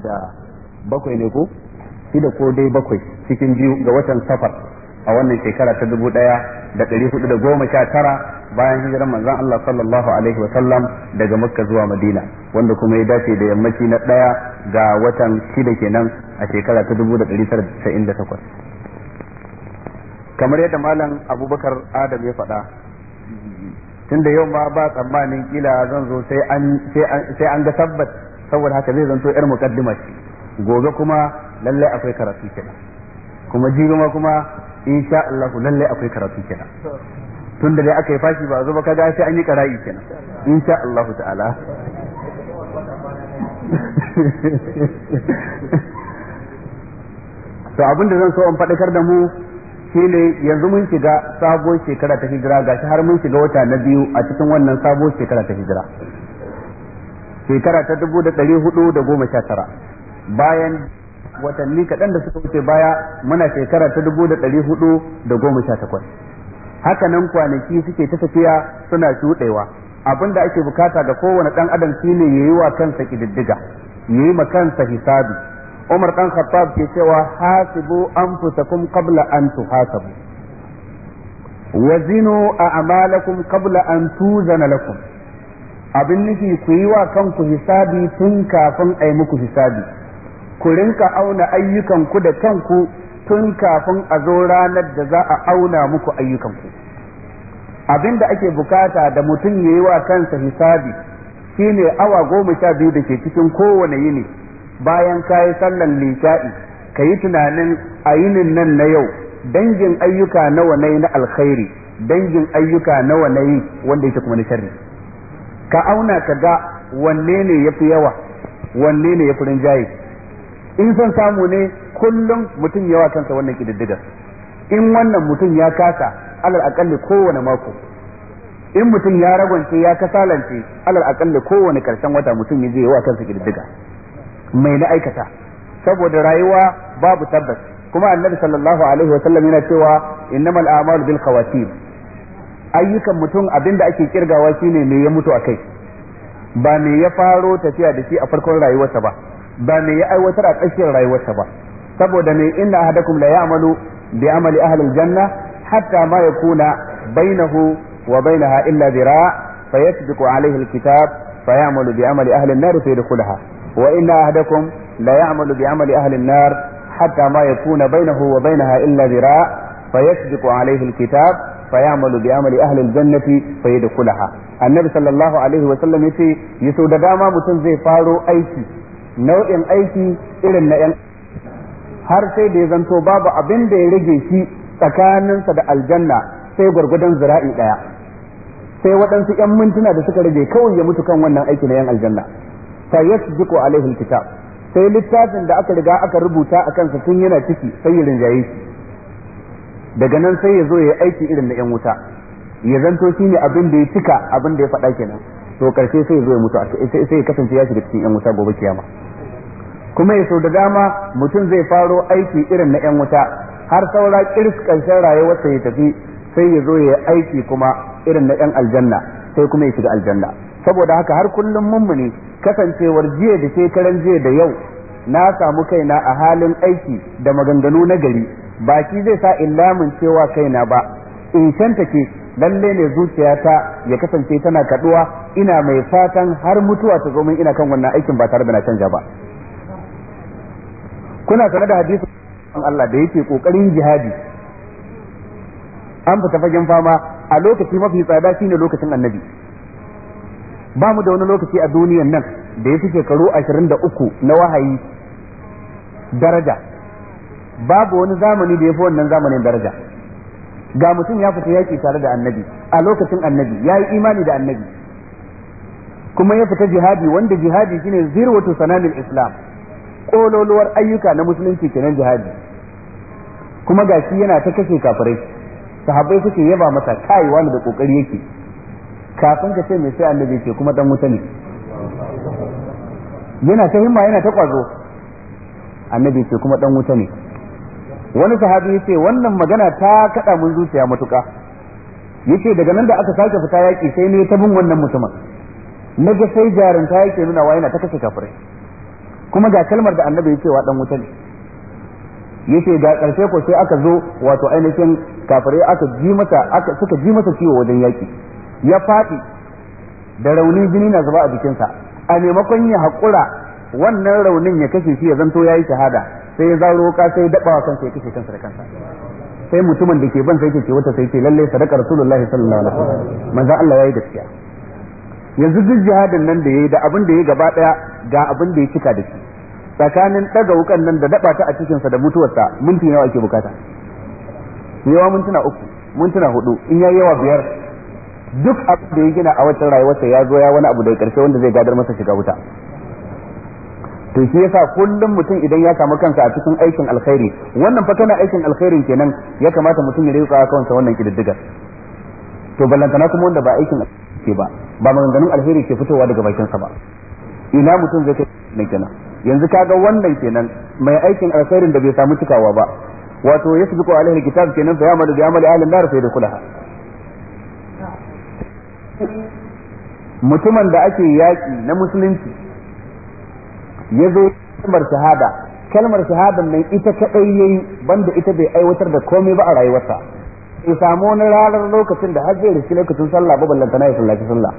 da bakwai ne ko shida ko dai bakwai cikin biyu ga watan safar a wannan shekara ta dubu daya da dari hudu da goma sha tara bayan hijirar manzon Allah sallallahu alaihi wa sallam daga Makka zuwa Madina wanda kuma ya dace da yammaci na daya ga watan shida kenan a shekara ta dubu da dari tara da takwas kamar yadda malam Abubakar Adam ya faɗa da yau ma ba tsammanin kila zan zo sai an ga sabbat saboda haka zai zanto yar muqaddima ce gobe kuma lalle akwai karatu kenan kuma jibi ma kuma insha Allah lalle akwai karatu kenan tun da dai aka yi fashi ba zuba kaga sai an yi kara'i kenan insha Allah ta'ala to abin da zan so in faɗakar da mu shine yanzu mun shiga sabon shekara ta hijira gashi har mun shiga wata na biyu a cikin wannan sabon shekara ta hijira shekara ta dubu da ɗari hudu da goma sha tara bayan watanni kaɗan da suka wuce baya muna shekara ta dubu da ɗari hudu da goma sha takwas haka nan kwanaki suke ta tafiya suna shuɗewa abin da ake bukata ga kowane ɗan adam shine ya yi wa kansa ƙididdiga ya yi ma kansa hisabi umar ɗan khattab ke cewa hasibu anfusakum qabla an tuhasabu wazinu a'malakum qabla an tuzana lakum abin nufi ku yi wa kanku hisabi tun kafin a yi muku hisabi ku rinka auna ayyukanku da kanku tun kafin a zo ranar da za a auna muku ayyukanku abin da ake bukata da mutum ya yi wa kansa hisabi shine awa goma sha biyu da ke cikin kowane yini bayan ka yi sallan lisha'i ka yi tunanin a yinin nan na yau dangin ayyuka nawa na yi na alkhairi dangin ayyuka nawa na yi wanda yake kuma na sharri ka auna ka ga wanne ne ya fi yawa wanne ne ya fi rinjaye in son samu ne kullum mutum yawa kansa wannan kididdigar in wannan mutum ya kasa alal akalli kowane mako in mutum ya ragwance ya kasalance alal akalli kowane karshen wata mutum ya je yawa kansa kididdiga mai na aikata saboda rayuwa babu tabbas kuma annabi sallallahu alaihi wasallam yana cewa innamal a'malu bil khawatim ayyukan mutum abin da ake kirgawa shine me ya mutu a kai ba me ya faro tafiya da shi a farkon rayuwarsa ba ba me ya aiwatar a tsakiyar rayuwarsa ba saboda me inna ahadakum la ya'malu bi amali ahli janna hatta ma yakuna bainahu wa bainaha illa dhira fayasbiqu alayhi alkitab fayamalu bi amali ahli an-nar fayadkhulaha wa inna ahadakum la ya'malu bi amali ahli an-nar hatta ma yakuna bainahu wa bainaha illa dhira fayasbiqu alayhi alkitab فيعمل بعمل أهل الجنة فيدخلها النبي صلى الله عليه وسلم يسي يسو دا mutum zai زي aiki nau'in aiki irin إلى النعين har sai da ya zanto babu abin da ya rage shi tsakaninsa da aljanna sai gwargwadon zira'i ɗaya sai waɗansu 'yan mintuna da suka rage kawai ya mutu kan wannan aiki na 'yan aljanna fa yasbiqu alaihi alkitab sai littafin da aka riga aka rubuta a kansa tun yana ciki sai ya rinjaye shi daga nan sai ya zo ya aiki irin na yan wuta ya zanto shi ne abin da ya cika abin da ya faɗa kenan to karshe sai ya zo ya mutu sai ya kasance ya shiga cikin yan wuta gobe kiyama kuma ya sau da dama mutum zai faro aiki irin na yan wuta har saura kiris karshen rayuwarsa ya tafi sai ya zo ya aiki kuma irin na yan aljanna sai kuma ya shiga aljanna saboda haka har kullum mummuni kasancewar jiya da shekaran jiya da yau na samu kaina a halin aiki da maganganu na gari baki zai sa illamin cewa kaina ba in shanta ke lalle ne zuciyata ya kasance tana kaduwa ina mai fatan har mutuwa ta zo ina kan wannan aikin ba tare da na canja ba kuna sanar da hadisi Allah da yake kokarin jihadi an fita fagen fama a lokaci mafi tsada shine lokacin annabi ba mu da wani lokaci a duniyan nan da ya fi shekaru ashirin da uku na wahayi daraja babu wani zamani da ya fi wannan zamanin daraja ga mutum ya fita yaki tare da annabi a lokacin annabi ya yi imani da annabi kuma ya fita jihadi wanda jihadi shine zirwatu sananin islam kololuwar ayyuka na musulunci kenan jihadi kuma gashi yana ta kashe kafirai sahabbai suke yaba masa kai wani da kokari yake kafin ka ce mai sai annabi ce kuma dan wuta ne yana ta himma yana ta kwazo annabi ce kuma dan wuta ne wani sahabi ce wannan magana ta kaɗa mun zuciya matuka yace daga nan da aka sake fita yaki sai ne ta bin wannan mutumin na ga sai jarinta yake nuna wa yana ta kashe kafirai kuma ga kalmar da annabi ce wa dan wuta ne ce ga karshe ko sai aka zo wato ainihin kafirai aka ji mata aka suka ji mata ciwo wajen yaki ya faɗi da rauni jini na zuba a jikinsa a maimakon ya haƙura wannan raunin ya kashe shi ya zanto ya yi shahada sai ya zaro ka sai dabawa kansa ya kashe kansa da kansa sai mutumin da ke ban sai yake ce wata sai ce lalle sadaka rasulullahi sallallahu alaihi wasallam manzo Allah yayi gaskiya yanzu duk jihadin nan da yayi da abin da yayi gaba daya ga abin da ya cika da shi tsakanin daga wukan nan da daba ta a cikin sa da mutuwarsa minti nawa ake bukata yawa mintuna uku mintuna hudu in yayi yawa biyar duk abin da ya gina a wata rayuwarsa ya zo ya wani abu da ya karshe wanda zai gadar masa shiga wuta to shi yasa kullum mutum idan ya samu kansa a cikin aikin alkhairi wannan fa kana aikin alkhairi kenan ya kamata mutum ya rika kawansa wannan kididdigar to ballantana kuma wanda ba aikin ke ba ba maganganun alheri ke fitowa daga bakin sa ba ina mutum zai kai kenan yanzu kaga wannan kenan mai aikin alkhairin da bai samu cikawa ba wato yasbiqu alaihi kitab kenan fa ya bi ya ahli an-nar da kulaha mutumin da ake yaki na musulunci ya zo kalmar shahada kalmar shahadan nan ita kadai yayi banda ita bai aiwatar da komai ba a rayuwarsa in samu wani ranar lokacin da har zai riski lokacin sallah ba na ya sallaci sallah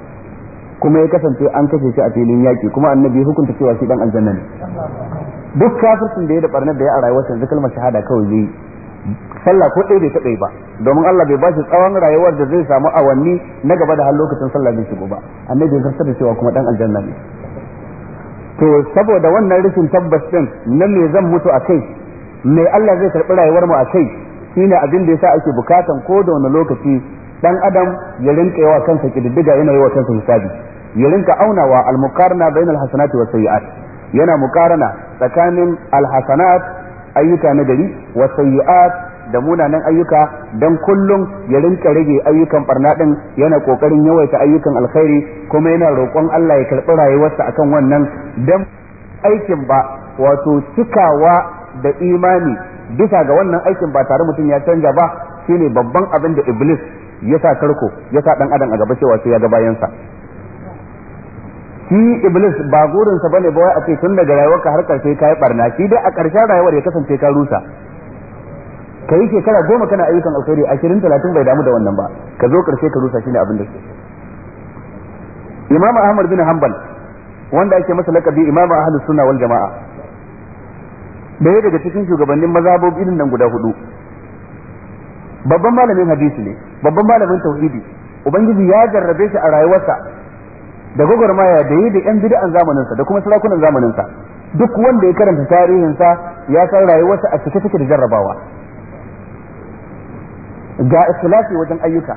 kuma ya kasance an kashe shi a filin yaki kuma annabi hukunta cewa shi dan aljanna ne duk kafircin da ya da barnar da ya a rayuwarsa yanzu kalmar shahada kawai zai sallah ko ɗaya bai taɓa ba domin Allah bai bashi tsawon rayuwar da zai samu awanni na gaba da har lokacin sallah bai shigo ba annabi ya zartar da cewa kuma dan aljanna ne to saboda wannan rashin tabbas din na me zan mutu a kai me Allah zai karɓi rayuwar mu a kai shine abin da yasa ake bukatan ko da wani lokaci dan adam ya rinka yawa kansa kididdiga yana yawa kansa hisabi ya rinka aunawa al-muqarna bainal hasanati was sayiat yana muqarana tsakanin al-hasanat ayyuka na gari was sayiat da munanan ayyuka dan kullum ya rinka rage ayyukan barna din yana kokarin yawaita ayyukan alkhairi kuma yana roƙon Allah ya karɓi rayuwarsa akan wannan dan aikin ba wato cikawa da imani bisa ga wannan aikin ba tare mutum ya canja ba shine babban abin da iblis ya sa tarko ya sa dan adam a gaba cewa sai ya ga bayansa shi iblis ba gurinsa bane ba wai a ce tun daga rayuwarka har karshe ka barna shi dai a karshen rayuwar ya kasance ka rusa ka yi shekara goma kana ayyukan alkhairi ashirin talatin bai damu da wannan ba ka zo karshe ka rusa shi ne abin da ke imam ahmad bin hanbal wanda ake masa lakabi imam ahlus suna wal jama'a daya daga cikin shugabannin mazhabobi nan guda hudu babban malamin hadisi ne babban malamin tauhidi ubangiji ya jarrabe shi a rayuwarsa da gwagwarmaya da yi da yan bid'an zamaninsa da kuma sarakunan zamaninsa duk wanda ya karanta tarihinsa ya san rayuwarsa a cike take da jarrabawa ga ikhlasi wajen ayyuka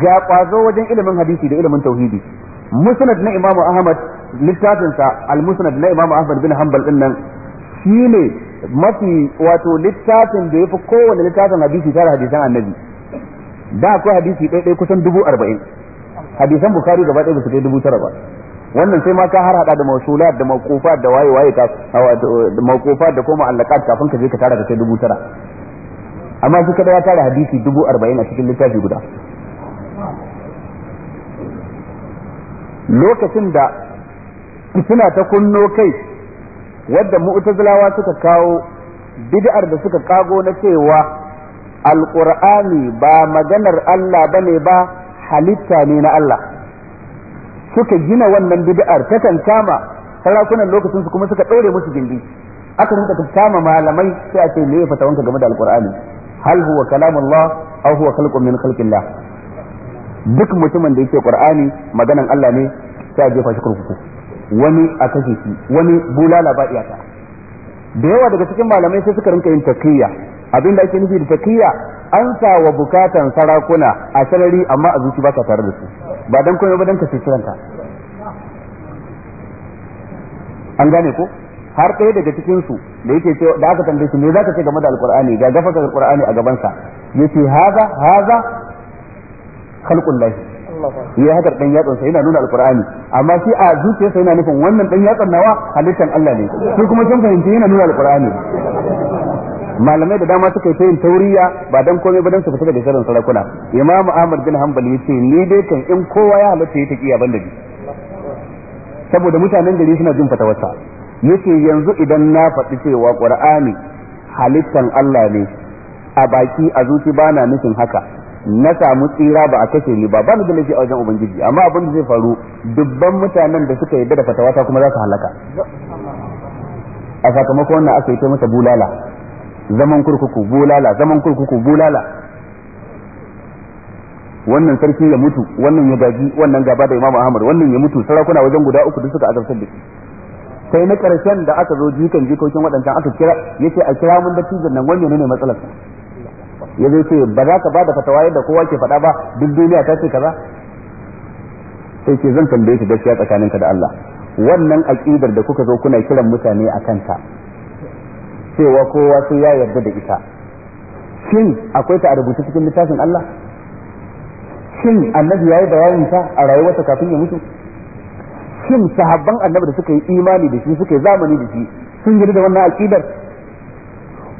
ga kwazo wajen ilimin hadisi da ilimin tauhidi musnad na imamu ahmad sa al-musnad na imamu ahmad bin hanbal din nan shine mafi wato littafin da yafi kowane littafin hadisi tare hadisan annabi da akwai hadisi ɗaya ɗaya kusan dubu arba'in hadisan bukari gaba ɗaya ba su kai dubu tara ba wannan sai ma ka har hada da mausula da mawqufa da waye waye ta da mawqufa da kuma allaqat kafin ka je ka tara ka kai dubu tara amma shi kada ya tara hadisi dubu arba'in a cikin littafi guda lokacin da suna ta kunno kai wadda mu'tazilawa suka kawo bid'ar da suka kago na cewa alqur'ani ba maganar Allah bane ba halitta ne na Allah suka gina wannan bid'ar ta kama sarakunan lokacin su kuma suka ɗaure musu gindi aka rinka kama malamai sai a ce me ya wanka game da alqur'ani hal huwa kalamullah aw huwa khalqun min duk mutumin da yake qur'ani maganan Allah ne sai jefa shi kurkuku wani a kashe shi wani bulala ba iyaka da yawa daga cikin malamai sai suka rinka yin takiyya abinda ake nufi da takiyya an sa wa bukatan sarakuna a sarari amma a zuci ba tare da su ba dan komai ba dan ka ce kiranta an gane ko har ɗaya daga cikin su da yake cewa da aka tambaye shi me zaka ce game da alqur'ani ga gafaka alqur'ani a gaban sa yace haza haza khalqul lahi ya haka dan yatsan sa yana nuna alqur'ani amma shi a sa yana nufin wannan dan yatsan nawa halittan Allah ne shi kuma kin fahimci yana nuna alqur'ani malamai da dama suka yi tauriya ba dan komai ba dan su fita da shirin sarakuna imamu ahmad bin hanbal yace ni dai kan in kowa ya halatta yake kiya banda bi saboda mutanen gari suna jin fatawarsa yake yanzu idan na faɗi cewa qur'ani halittan Allah ne a baki a zuci ba na nufin haka na samu tsira ba a kashe ni ba ba ni da laifi a wajen ubangiji amma abin da zai faru dubban mutanen da suka yarda da fatawata kuma za su halaka a sakamakon wannan aka yi ta masa bulala zaman kurkuku bulala zaman kurkuku bulala wannan sarki ya mutu wannan ya gaji wannan gaba da imamu ahmad wannan ya mutu sarakuna wajen guda uku da suka azabtar da shi sai na karshen da aka zo jikan jikokin waɗancan aka kira ya ce a kira mun dattijan nan wani ne matsalar ya zai ce ba za ka ba da fatawa yadda kowa ke faɗa ba duk duniya ta ce kaza sai ce zan tambaye ki gaskiya tsakaninka da Allah wannan aqidar da kuka zo kuna kiran mutane a kanta cewa kowa sai ya yarda da ita shin akwai ta a rubuce cikin littafin Allah shin annabi yayi bayanin ta a rayuwarsa kafin ya mutu shin sahabban annabi da suka yi imani da shi suka yi zamani da shi sun yarda da wannan aqidar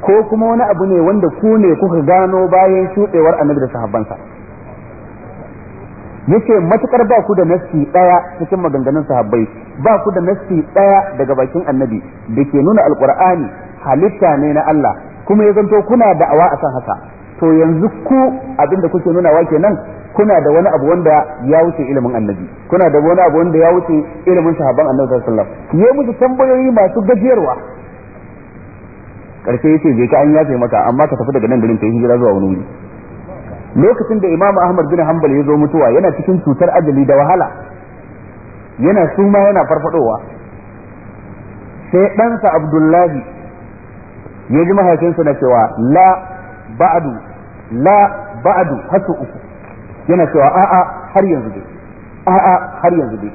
ko kuma wani abu ne wanda ku ne kuka gano bayan shuɗewar annabi da sahabbansa yace matukar ba ku da nassi daya cikin maganganun sahabbai ba ku da nassi daya daga bakin annabi da ke nuna alqur'ani halitta ne na Allah kuma ya zanto kuna da'awa a akan haka to yanzu ku abinda kuke nuna nunawa kenan kuna da wani abu wanda ya wuce ilimin annabi kuna da wani abu wanda ya wuce ilimin sahabban annabi sallallahu alaihi wasallam musu tambayoyi masu gajiyarwa karshe yace je ka an sai maka amma ka tafi daga nan garin kai hijira zuwa wani wuri lokacin da imamu ahmad bin hanbal ya zo mutuwa yana cikin cutar ajali da wahala yana suma yana farfadowa sai ɗansa abdullahi ya ji mahaifinsa na cewa la ba'adu la ba'adu hasu uku yana cewa a'a har yanzu dai a'a har yanzu dai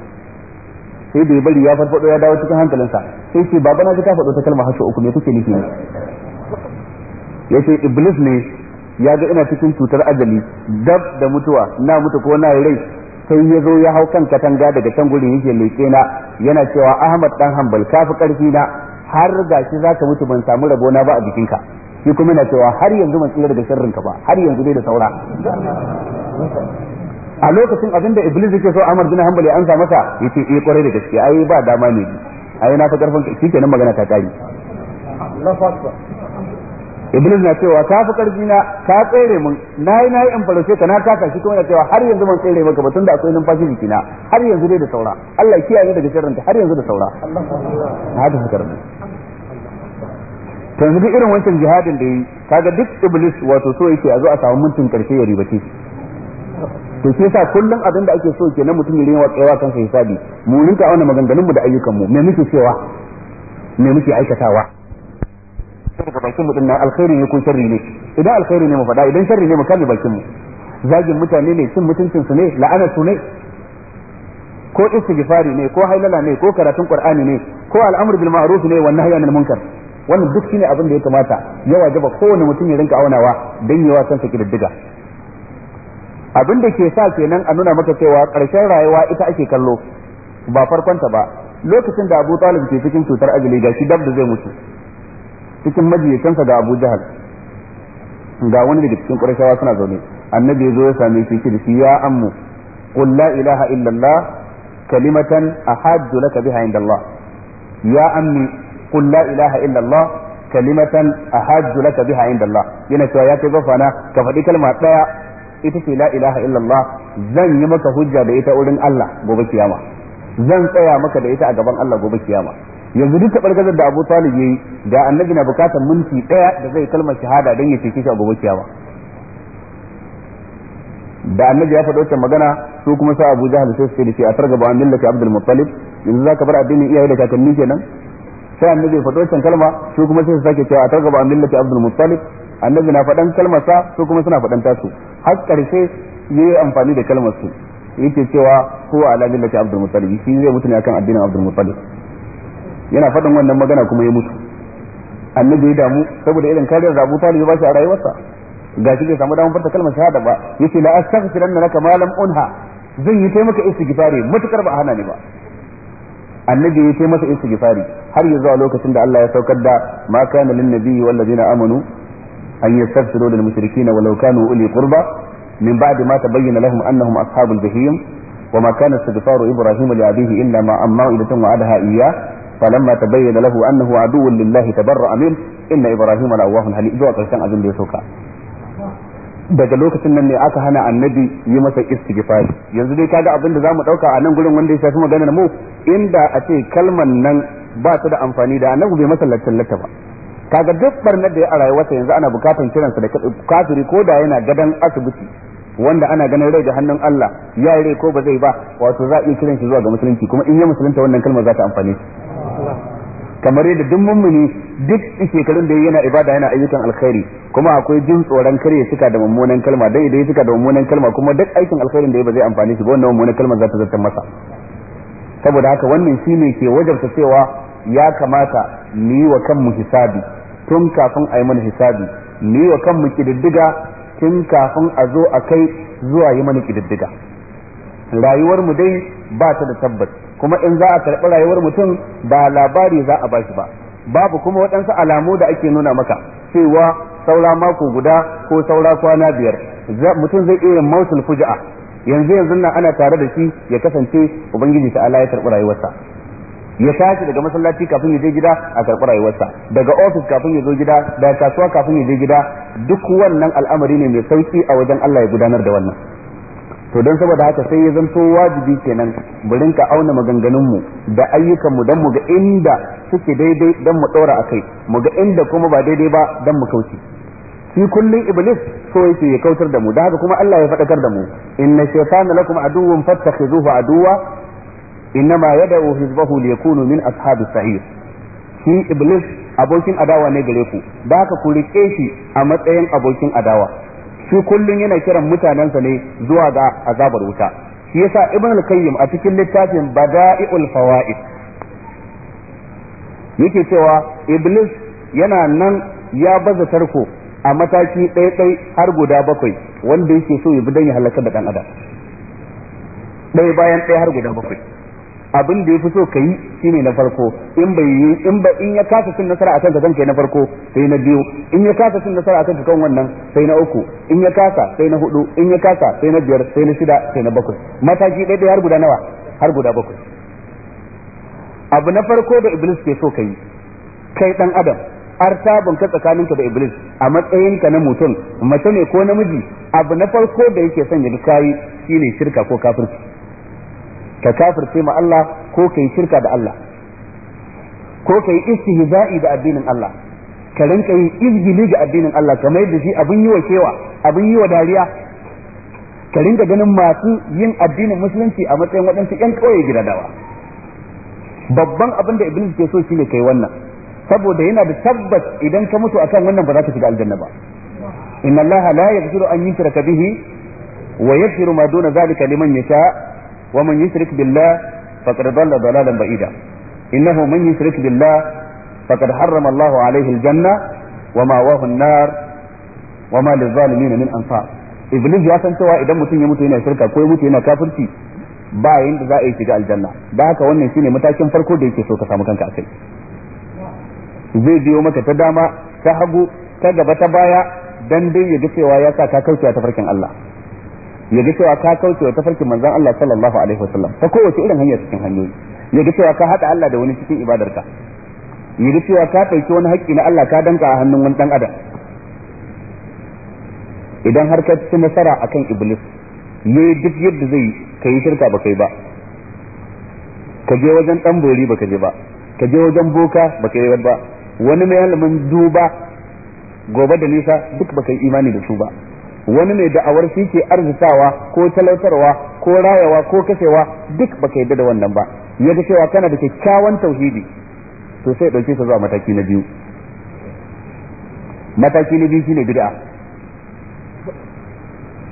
sai bai bari ya farfado ya dawo cikin hankalinsa sai ce baba na ji ta faɗo ta kalma hasho uku me kake nufi Ya ce iblis ne ya ga ina cikin cutar ajali dab da mutuwa na mutu ko na rai sai ya zo ya hau kan katanga daga can gurin yake leƙe na yana cewa ahmad dan hanbal kafi karfi na har gashi zaka mutu ban samu rabo na ba a jikinka shi kuma na cewa har yanzu ban tsira daga sharrin ka ba har yanzu dai da saura a lokacin abin da iblis yake so amar bin hanbali ya ansa masa yace eh kwarai da gaske ai ba dama ne ai na fa karfin ka nan magana ta kare iblis na cewa ka fi karfi na ka tsere mun nayi nayi in farauce ka na taka shi kuma na cewa har yanzu ban tsere maka ba tunda akwai numfashi na har yanzu dai da saura Allah kiyaye daga sharrin ka har yanzu da saura haka suka rubuta to yanzu duk irin wancan jihadin da yi kaga duk iblis wato so yake a zo a samu mutum karshe ya ribace shi to ke sa kullum abin da ake so ke na mutum ya rinwa wa kansa hisabi mu rinka auna maganganun mu da ayyukan mu me muke cewa me muke aikatawa saboda bakin mu na alkhairi ne ko sharri ne idan alkhairi ne mu faɗa idan sharri ne mu kalli bakin mu zagin mutane ne cin mutuncin su ne la'ana su ne ko istighfari ne ko hailala ne ko karatun qur'ani ne ko al'amru bil ma'ruf ne wa nahyi anil munkar wannan duk shine abin da ya kamata ya wajaba kowane mutum ya rinka aunawa dan yawa kansa diddiga abin da ke sa kenan a nuna maka cewa karshen rayuwa ita ake kallo ba farkonta ba lokacin da Abu Talib ke cikin cutar ajali ga shi dab da zai mutu cikin majiyatansa ga Abu Jahal ga wani daga cikin Qurayshawa suna zaune annabi ya zo ya same shi da shi ya ammu qul la ilaha illallah kalimatan ahaddu laka biha indallah ya ammi qul la a illallah kalimatan ahajju laka biha inda Allah yana cewa ya kai gafana ka faɗi kalma ɗaya ita ce la ilaha illallah zan yi maka hujja da ita wurin Allah gobe kiyama zan tsaya maka da ita a gaban Allah gobe yanzu duk tabargazar da Abu Talib yayi da annabi na bukatar minti daya da zai kalmar shahada dan ya cece shi a gobe kiyama da annabi ya faɗo magana su kuma sa Abu Jahl sai su ce a targaba an millati Abdul Muttalib yanzu zaka bar addinin iyaye da kakanni kenan sai annabi ya faɗo wancan kalma su kuma sai su sake cewa a targaba millati abdul muttalib annabi na faɗan kalmar sa su kuma suna faɗan tasu har ƙarshe yayi amfani da kalmar su yake cewa huwa ala millati abdul muttalib shi zai mutu ne akan addinin abdul muttalib yana faɗin wannan magana kuma ya mutu annabi ya damu saboda irin kariyar da Abu Talib ba shi a rayuwarsa ga shi bai samu damar farta kalmar shahada ba yace la astaghfiranna laka ma lam unha zan yi taimaka maka istighfari matukar ba hana ni ba annabi ya ce masa istighfari har yanzu a lokacin da Allah ya saukar da ma kana lin nabiyyi wal ladina amanu an yastaghfiru lil mushrikeena walau kanu uli qurba min ba'di ma tabayyana lahum annahum ashabul jahim وما كان استغفار ابراهيم لابيه الا ما اما موعدة وعدها اياه فلما تبين له انه عدو لله تبرأ منه ان ابراهيم لأواه حليم ذو كان ابن دي daga lokacin nan ne aka hana annabi yi masa istighfari yanzu dai kaga abin da zamu dauka a nan gurin wanda ya shafi maganar mu inda a ce kalman nan ba ta da amfani da annabi bai masa lata ba kaga duk barnar da ya a rayuwarsa yanzu ana bukatan kiransa da kafiri ko da yana gadan asibiti wanda ana ganin rai da hannun Allah ya yi rai ko ba zai ba wato za a iya kiran shi zuwa ga musulunci kuma in ya musulunta wannan kalmar za ta amfane shi kamar yadda duk mummuni duk shekarun da yana ibada yana ayyukan alkhairi kuma akwai jin tsoron karya ya cika da mummunan kalma dai idan ya da mummunan kalma kuma duk aikin alkhairin da ya ba zai amfani shi ba wannan mummunan kalma za ta zata masa saboda haka wannan shine ke wajabta cewa ya kamata ni wa kanmu hisabi tun kafin a yi mana hisabi ni wa kanmu kididdiga tun kafin a zo a kai zuwa yi mana kididdiga rayuwar mu dai ba ta da tabbas kuma in za a karɓi rayuwar mutum ba labari za a bashi ba babu kuma waɗansu alamu da ake nuna maka cewa saura mako guda ko saura kwana biyar mutum zai iya mausul fuja'a yanzu yanzu nan ana tare da shi ya kasance ubangiji ta Allah ya karɓi rayuwarsa ya tashi daga masallaci kafin ya je gida a karɓi rayuwarsa daga ofis kafin ya zo gida daga kasuwa kafin ya je gida duk wannan al'amari ne mai sauki a wajen Allah ya gudanar da wannan to don saboda haka sai ya zanto wajibi kenan mu rinka auna maganganunmu da ayyukanmu don mu ga inda suke daidai don mu ɗora a kai mu ga inda kuma ba daidai ba don mu kauce shi kullum iblis so yake ya kautar da mu da haka kuma Allah ya faɗakar da mu inna shaytana lakum aduwwun fattakhizuhu aduwwa ma yad'u hizbahu liyakunu min ashabis sa'ir shi iblis abokin adawa ne gare ku da haka ku rike shi a matsayin abokin adawa shi kullun yana kiran mutanensa ne zuwa ga azabar wuta shi yasa ibn al-qayyim a cikin littafin bada'iul fawaid yake cewa iblis yana nan ya baza tarko a mataki ɗaiɗai har guda bakwai wanda yake so ya bi don ya halaka da ɗan adam ɗaya bayan ɗaya har guda bakwai abin da yafi so kai shine na farko in bai yi in ba in ya kasa cin nasara akan ka kai na farko sai na biyu in ya kasa cin nasara akan ka kan wannan sai na uku in ya kasa sai na hudu in ya kasa sai na biyar sai na shida sai na bakwai mataki ɗaya har guda nawa har guda bakwai abu na farko da iblis ke so kai kai dan adam sabon ka tsakaninka da iblis a matsayinka na mutum mace ne ko namiji abu na farko da yake son ya kayi shine shirka ko kafirci ka kafirce ma Allah ko kai shirka da Allah ko kai istihza'i da addinin Allah ka rinka yin izgili ga addinin Allah kamar yadda shi abin yi wa kewa abin dariya ka rinka ganin masu yin addinin musulunci a matsayin waɗansu ƴan ƙauye gidadawa babban abin da iblis ke so shine kai wannan saboda yana da tabbas idan ka mutu akan wannan ba za ka shiga aljanna ba inna allaha la yaghfiru an yushraka bihi wa yaghfiru ma duna zalika liman yasha ومن يشرك بالله فقد ضل ضلالا بعيدا إنه من يشرك بالله فقد حرم الله عليه الجنة ومأواه النار وما للظالمين من أنصار iblis ya san cewa idan mutum ya mutu yana shirka ko ya mutu yana kafirci ba yanda za a yi shiga aljanna da haka wannan shine matakin farko da yake so ka samu kanka akai zai biyo maka ta dama ta hagu ta gaba ta baya dan dai ya ga cewa ya sa ka kauce ta farkin Allah ya ga cewa ka kauce wa tafarkin manzon Allah sallallahu alaihi wasallam ta kowace irin hanya cikin hanyoyi ya ga cewa ka hada Allah da wani cikin ibadarka ya ga cewa ka ɗauki wani haƙƙi na Allah ka danka a hannun wani dan adam idan har ka ci nasara akan iblis ne duk yadda zai kai shirka ba kai ba ka je wajen dan bori ka je ba ka je wajen boka ba yi ba wani mai halamin duba gobe da nisa duk baka yi imani da su ba wani mai da'awar shi ke arzikawa ko talautarwa ko rayawa ko kashewa duk baka yadda da wannan ba ya ga cewa kana da kyakkyawan tauhidi to sai dauke sa zuwa mataki na biyu mataki na biyu shine bid'a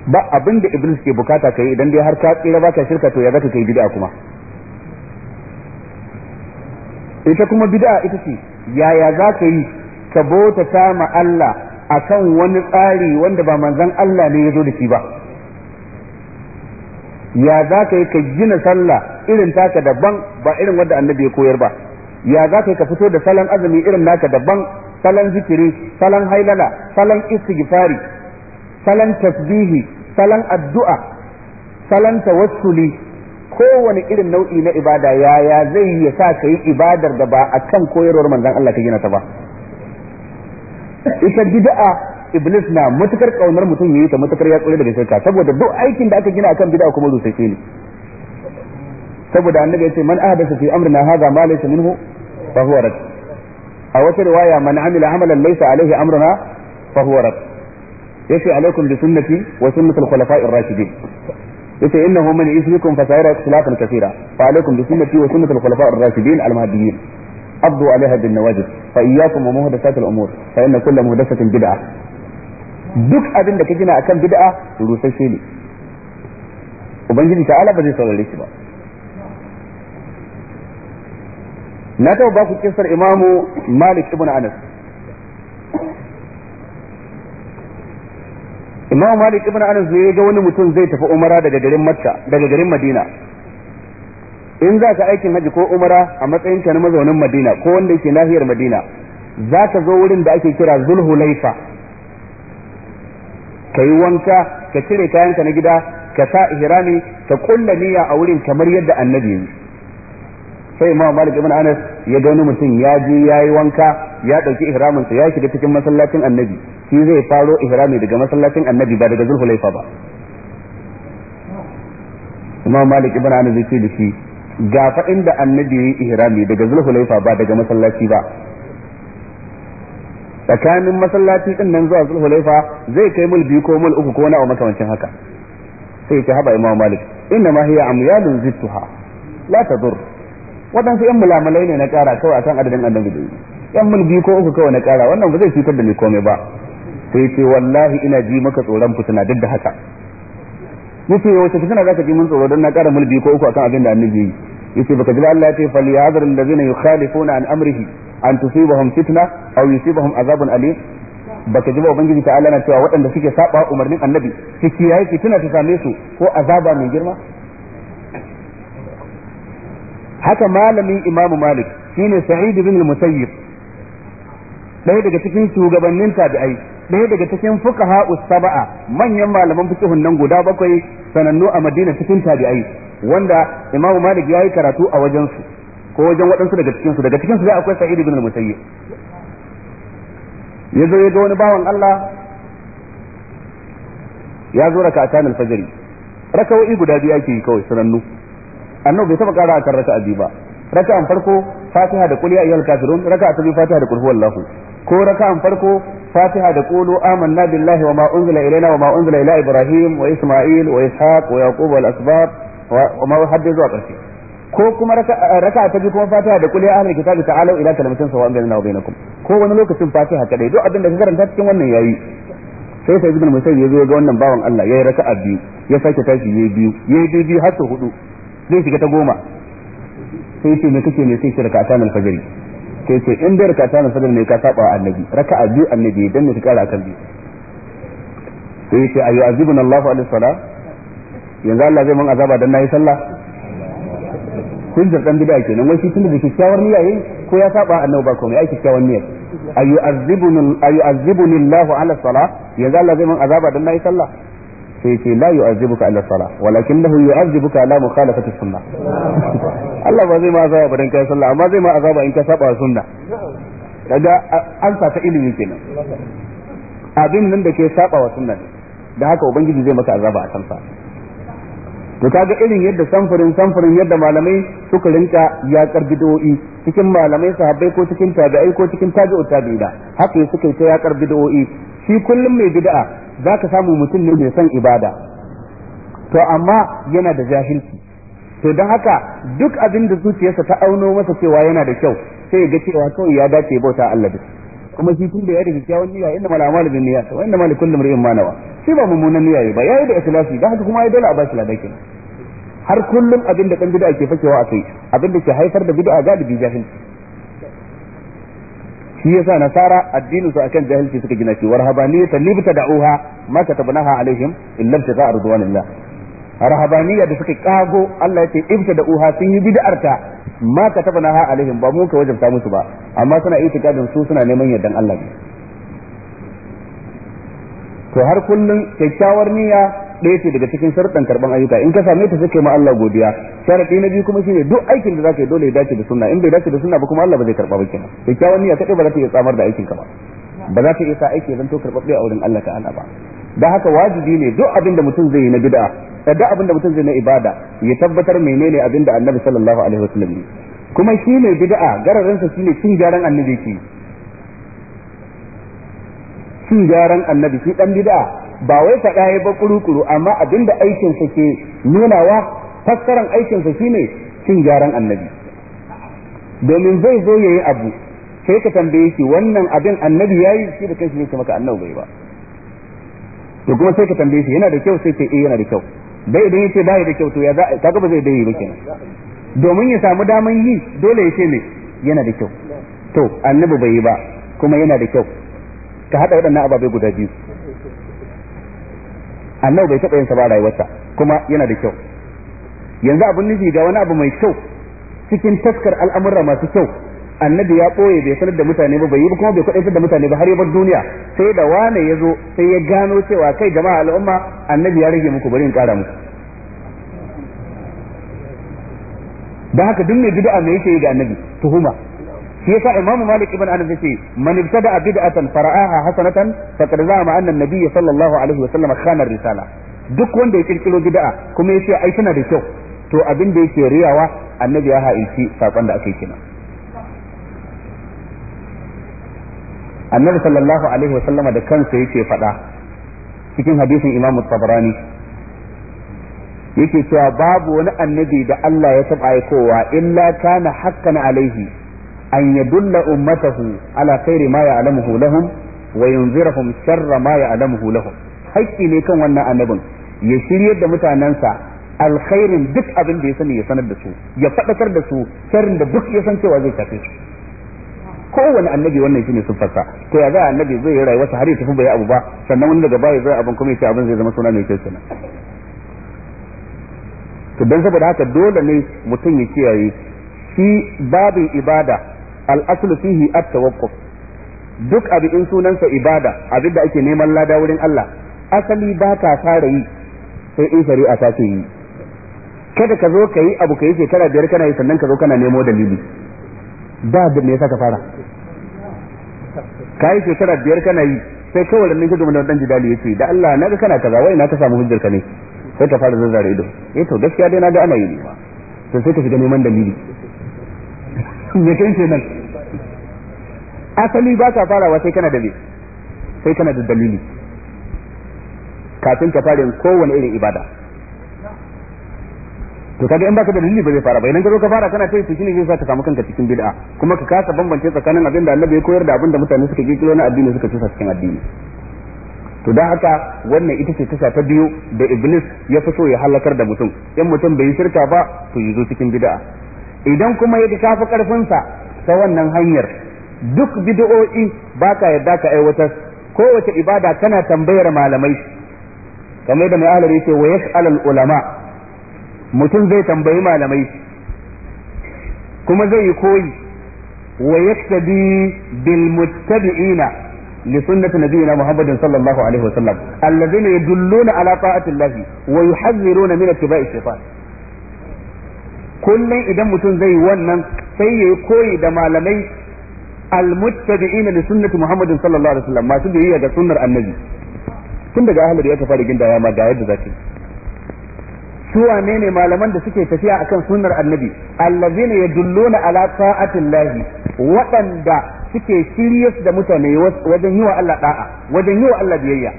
ba abin da iblis ke bukata kai idan dai har ka tsira baka shirka to ya zaka kai bid'a kuma ita kuma bid'a ita ce yaya za ka yi ka bauta ma Allah akan wani tsari wanda ba manzon Allah ne ya zo da shi ba ya za ka yi ka gina sallah irin taka daban ba irin wanda annabi ya koyar ba ya za ka yi ka fito da salon azumi irin naka daban salon zikiri salon hailala salon istighfari salon tasbihi salon addu'a salon tawassuli kowane irin nau'i na ibada yaya zai ya sa ka yi ibadar da ba a kan koyarwar manzon Allah ka gina ta ba ita bid'a iblis na matukar kaunar mutum yayi ta matukar ya kure daga shirka saboda duk aikin da aka gina akan bid'a kuma zo rusace ne saboda annabi ya ce man ahdasa fi amrina hadha ma laysa minhu fa huwa rad a wata riwaya man amila amalan laysa alaihi amruna fa huwa rad yace alaikum bi sunnati wa sunnati al-khulafa'i ar-rashidin yace innahu man yusrikum fa sayara ikhtilafan kaseera fa alaikum bi sunnati wa sunnati al-khulafa'i ar-rashidin al-mahdiyyin عضوا عليها بالنواجذ فإياكم ومحدثات الأمور فإن كل محدثة بدعة duk abin da ka gina akan bid'a rusasshe ne ubangiji ta'ala ba zai saurare shi ba na taɓa ba ku kisar imamu malik ibn anas imamu malik ibn anas ne ya ga wani mutum zai tafi umara daga garin daga garin madina in za ka aikin haji ko umara a matsayin ka na mazaunin madina ko wanda yake nahiyar madina za ka zo wurin da ake kira laifa. ka yi wanka ka cire kayanka na gida ka sa ihrami ka kulla niyya a wurin kamar yadda annabi yi sai imam malik ibn anas ya ga mutum ya je ya yi wanka ya ɗauki ihramin ya shiga cikin masallacin annabi shi zai faro ihrami daga masallacin annabi ba daga zulhulaifa ba imam malik ibn anas ya ce da shi ga fa inda annabi yayi ihrami daga zulhulaifa ba daga masallaci ba tsakanin masallaci din nan zuwa zulhulaifa zai kai mul biyu ko mul uku ko na a makamancin haka sai ce haba imam malik inna ma hiya amyalun zittuha la tadur wadansu yan mulamalai ne na kara kawai akan adadin annabi da yan mul biyu ko uku kawai na kara wannan ba zai cutar da ni komai ba sai ce wallahi ina ji maka tsoron fitina duk da haka yace yau wace fitina zaka ji mun tsoro don na ƙara mulbi ko uku akan abin da annabi yi yace baka ji Allah ya ce falyahzar allazina yukhalifuna an amrihi an tusibahum fitna aw yusibahum azabun alim baka ji ba ubangiji ta Allah na cewa waɗanda suke saba umarnin annabi suke yayi fitina ta same su ko azaba mai girma haka malamin imamu malik shine sa'id bin al-musayyib ɗaya daga cikin shugabannin tabi'ai ɗaya daga cikin fuka ha'us saba'a manyan malaman fiqhun nan guda bakwai sanannu a Madina cikin tabi'ai wanda Imam Malik ya yi karatu a wajensu ko wajen waɗansu daga cikinsu daga cikinsu su akwai sa'idu ibn al Ya zo ya ga wani bawan Allah ya zo raka a raka'atan fajari raka wa'i guda biyu ake yi kawai sanannu annau bai taba kara akan raka abi ba an farko Fatiha da qul ya ayyuhal kafirun raka'a ta biyu Fatiha da qul wallahu ko raka an farko الفاتحة تقول آمنا بالله وما أنزل إلينا وما أنزل إلى إبراهيم وإسماعيل وإسحاق ويعقوب والأسباط وما أحدث وقتي ko kuma raka ta kuma fatiha da kulli ahlul kitabi ta'alu ila kalmatin sawa'in bainana wa bainakum ko wani lokacin fatiha kadai duk abin da ka karanta cikin wannan yayi sai sai ibn musayyib yazo ga wannan bawan Allah yayi raka'a biyu ya sake tashi yayi biyu yayi biyu biyu har hudu zai shiga ta goma sai ce me kake ne sai sai ce in biyar ka ta na sadar ne ka saba wa annabi a biyu annabi dan ne ka kara kan biyu sai ce ayu azibuna Allahu alaihi sala yanzu Allah zai mun azaba dan nayi sallah hujjar dan bid'a kenan wai shi tunda da kyakkyawar niyya yayi ko ya saba annabi ba komai ai kyakkyawar niyya ayu azibuna ayu azibuni Allahu ala sala yanzu Allah zai mun azaba dan nayi sallah sai ce la yu'azzibuka yi sala walakinahu yu'azzibuka ala mukhalafati sunnah Allah ba zai ma azaba ba dan kai sallah amma zai ma azaba in ka saba sunna kaga an sa ta ilimi kenan abin nan da ke saba wa sunna da haka ubangiji zai maka azaba a kansa to kaga irin yadda samfurin samfurin yadda malamai suka rinka karbi bid'o'i cikin malamai sahabbai ko cikin tabi'ai ko cikin tabi'u tabi'ida haka suka yi ta karbi bid'o'i shi kullum mai bid'a ka samu mutum ne mai son ibada to amma yana da jahilci to don haka duk abin da zuciyarsa ta auno masa cewa yana da kyau sai ga cewa kawai ya dace bauta Allah da kuma shi tun da ya rubuta kyawun niyya inna mala amalu bin niyyat wa inna mala kullu mar'in ma nawa shi ba mummunan niyya ba yayi da ikhlasi dan haka kuma ya dole a bashi ladakin har kullum abin da kan bid'a ke fakewa a kai abin da ke haifar da bid'a galibi jahilci shi yasa nasara addinin su akan jahilci suka gina shi warhabaniyatan libta da'uha ma katabnaha alaihim illa ibtigha ridwanillah rahabaniya da suka kago Allah ya ce uha sun yi bid'arta ma katabnaha alaihim ba mu ka wajabta musu ba amma suna itikadin su suna neman yardan Allah ne to har kullun kyakkyawar niyya ɗaya ce daga cikin sharɗan karɓan ayyuka in ka same ta sai kai ma Allah godiya sharaɗi na biyu kuma shine duk aikin da zaka yi dole ya dace da sunna in bai dace da sunna ba kuma Allah ba zai karɓa ba kenan kyakkyawan niyya kaɗai ba za ta iya tsamar da aikin ka ba ba za ta iya sa aiki zan to karɓa ɗaya a wurin Allah ta'ala ba da haka wajibi ne duk abin da mutum zai yi na bid'a da eh, duk abin da mutum zai na ibada ya tabbatar menene abin da Annabi sallallahu alaihi wasallam ne kuma shi ne bid'a gararin sa shine cin jaran annabi ke cin jaran annabi shi dan bid'a ba wai faɗa ya ba kuru-kuru amma abinda aikinsa ke nunawa fassaran aikinsa shine cin gyaran annabi domin zai zo ya yi abu sai ka tambaye shi wannan abin annabi ya yi shi da kai shi ne maka annabi bai ba to kuma sai ka tambaye shi yana da kyau sai ka yi eh, yana da kyau bai idan yace bai da kyau to ya za kaga ba zai dai ba kenan domin ya samu daman yi dole ya ce me yana da kyau to annabi bai yi ba kuma yana da kyau ka hada waɗannan ababai guda biyu annabi bai taɓa yin sa ba rayuwarsa kuma yana da kyau yanzu abun nufi ga wani abu mai kyau cikin taskar al'amurra masu kyau annabi ya ɓoye bai sanar da mutane ba bai yi kuma bai kwaɗaitar da mutane ba har yabar duniya sai da wane ya zo sai ya gano cewa kai jama'a al'umma annabi ya rage muku bari in ƙara muku da haka duk mai a me yake yi ga annabi tuhuma shi yasa imamu malik ibn anas yace man ibtada bid'atan fara'aha hasanatan faqad zama anna an-nabiy sallallahu alaihi wa sallam khana risala duk wanda ya kirkiro bid'a kuma yace ai tana da kyau to abin da yake riyawa annabi ya haici sakon da aka yi kina annabi sallallahu alaihi wa sallama da kansa yake faɗa cikin hadisin imam tabarani yake cewa babu wani annabi da Allah ya taɓa aikowa illa kana haqqan alaihi an يدل ummatahu على خير ما يعلمه لهم wa شر ما ma لهم حيث haƙƙi ne kan wannan annabin ya shirya da دك أبن duk abin da ya sani ya sanar da su ya faɗakar da su sharrin annabi wannan shine fasa to ya ga annabi zai yi rayuwarsa har ya tafi bai abu ba sannan wani daga baya zai abin kuma ya ce abin zai zama suna mai kyau kenan to dan saboda haka dole ne mutum ya kiyaye shi babin ibada al’aslu fihi at-tawaqquf duk abu in sunansa ibada abin da ake neman lada wurin Allah asali ba ka fara yi sai in shari'a ta ce yi kada ka zo ka yi abu ka yi shekara biyar kana yi sannan ka zo kana nemo dalili ba da me yasa ka fara ka yi shekara biyar kana yi sai kawai rannin kaga mun dan jidali yace da Allah naga kana kaza wai na ta samu hujjar ka ne sai ka fara zazzare ido eh to gaskiya dai naga ana yi ne to sai ka fita neman dalili ne kai nan. asali ba ka farawa sai kana da sai kana da dalili kafin ka fara yin kowane irin ibada to kaga in baka da dalili ba zai fara ba idan ka zo ka fara kana tayi to shine zai sa ka samu kanka cikin bid'a kuma ka kasa bambance tsakanin abin da Annabi ya koyar da abin da mutane suka kikiro na addini suka tusa cikin addini to dan haka wannan ita ce tusa ta biyu da iblis ya fi so ya halakar da mutum in mutum bai yi shirka ba to yi zo cikin bid'a idan kuma ya ga kafa karfin sa ta wannan hanyar duk bid'o'i ka yadda ka aiwatar kowace ibada kana tambayar malamai kamar da mai alari yake wa yas'al ulama mutum zai tambayi malamai kuma zai yi koyi wa yaktabi bil muttabi'ina li sunnati nabiyina muhammadin sallallahu alaihi sallam alladhina yadulluna ala ta'ati llahi wa yuhadhiruna min ittiba'i shaytan kullum idan mutum zai wannan sai yayi koyi da malamai almuttabi'ina li sunnati muhammadin sallallahu alaihi wasallam masu biyayya ga annabi tun daga ahlul ya fara gindaya ma ga yadda zaka su wanene ne malaman da suke tafiya akan sunar annabi Allah ya yadulluna ala ta'atillahi waɗanda suke shiryas da mutane wajen yi wa Allah da'a wajen yi wa Allah biyayya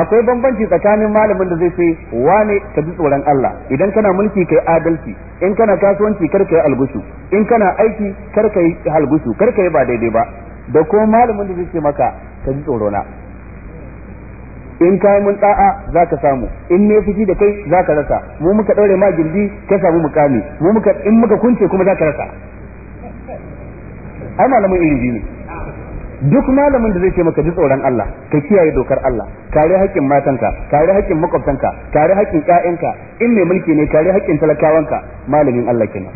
akwai bambanci tsakanin malamin da zai ce wane ka ji tsoron Allah idan kana mulki kai adalci in kana kasuwanci kar ka yi algushu in kana aiki kar ka yi algushu kar ka yi ba daidai ba da ko malamin da zai ce maka ka ji tsorona in kai mun da'a za ka samu in ne fiki da kai za ka rasa mu muka daure ma gindi ka samu mukami mu muka in muka kunce kuma za ka rasa ai malamin iri ne duk malamin da zai ce maka ji tsoron Allah ka kiyaye dokar Allah kare haƙƙin matanka kare haƙƙin makwabtanka kare haƙƙin ƴaƴanka in mai mulki ne kare haƙƙin talakawanka malamin Allah kenan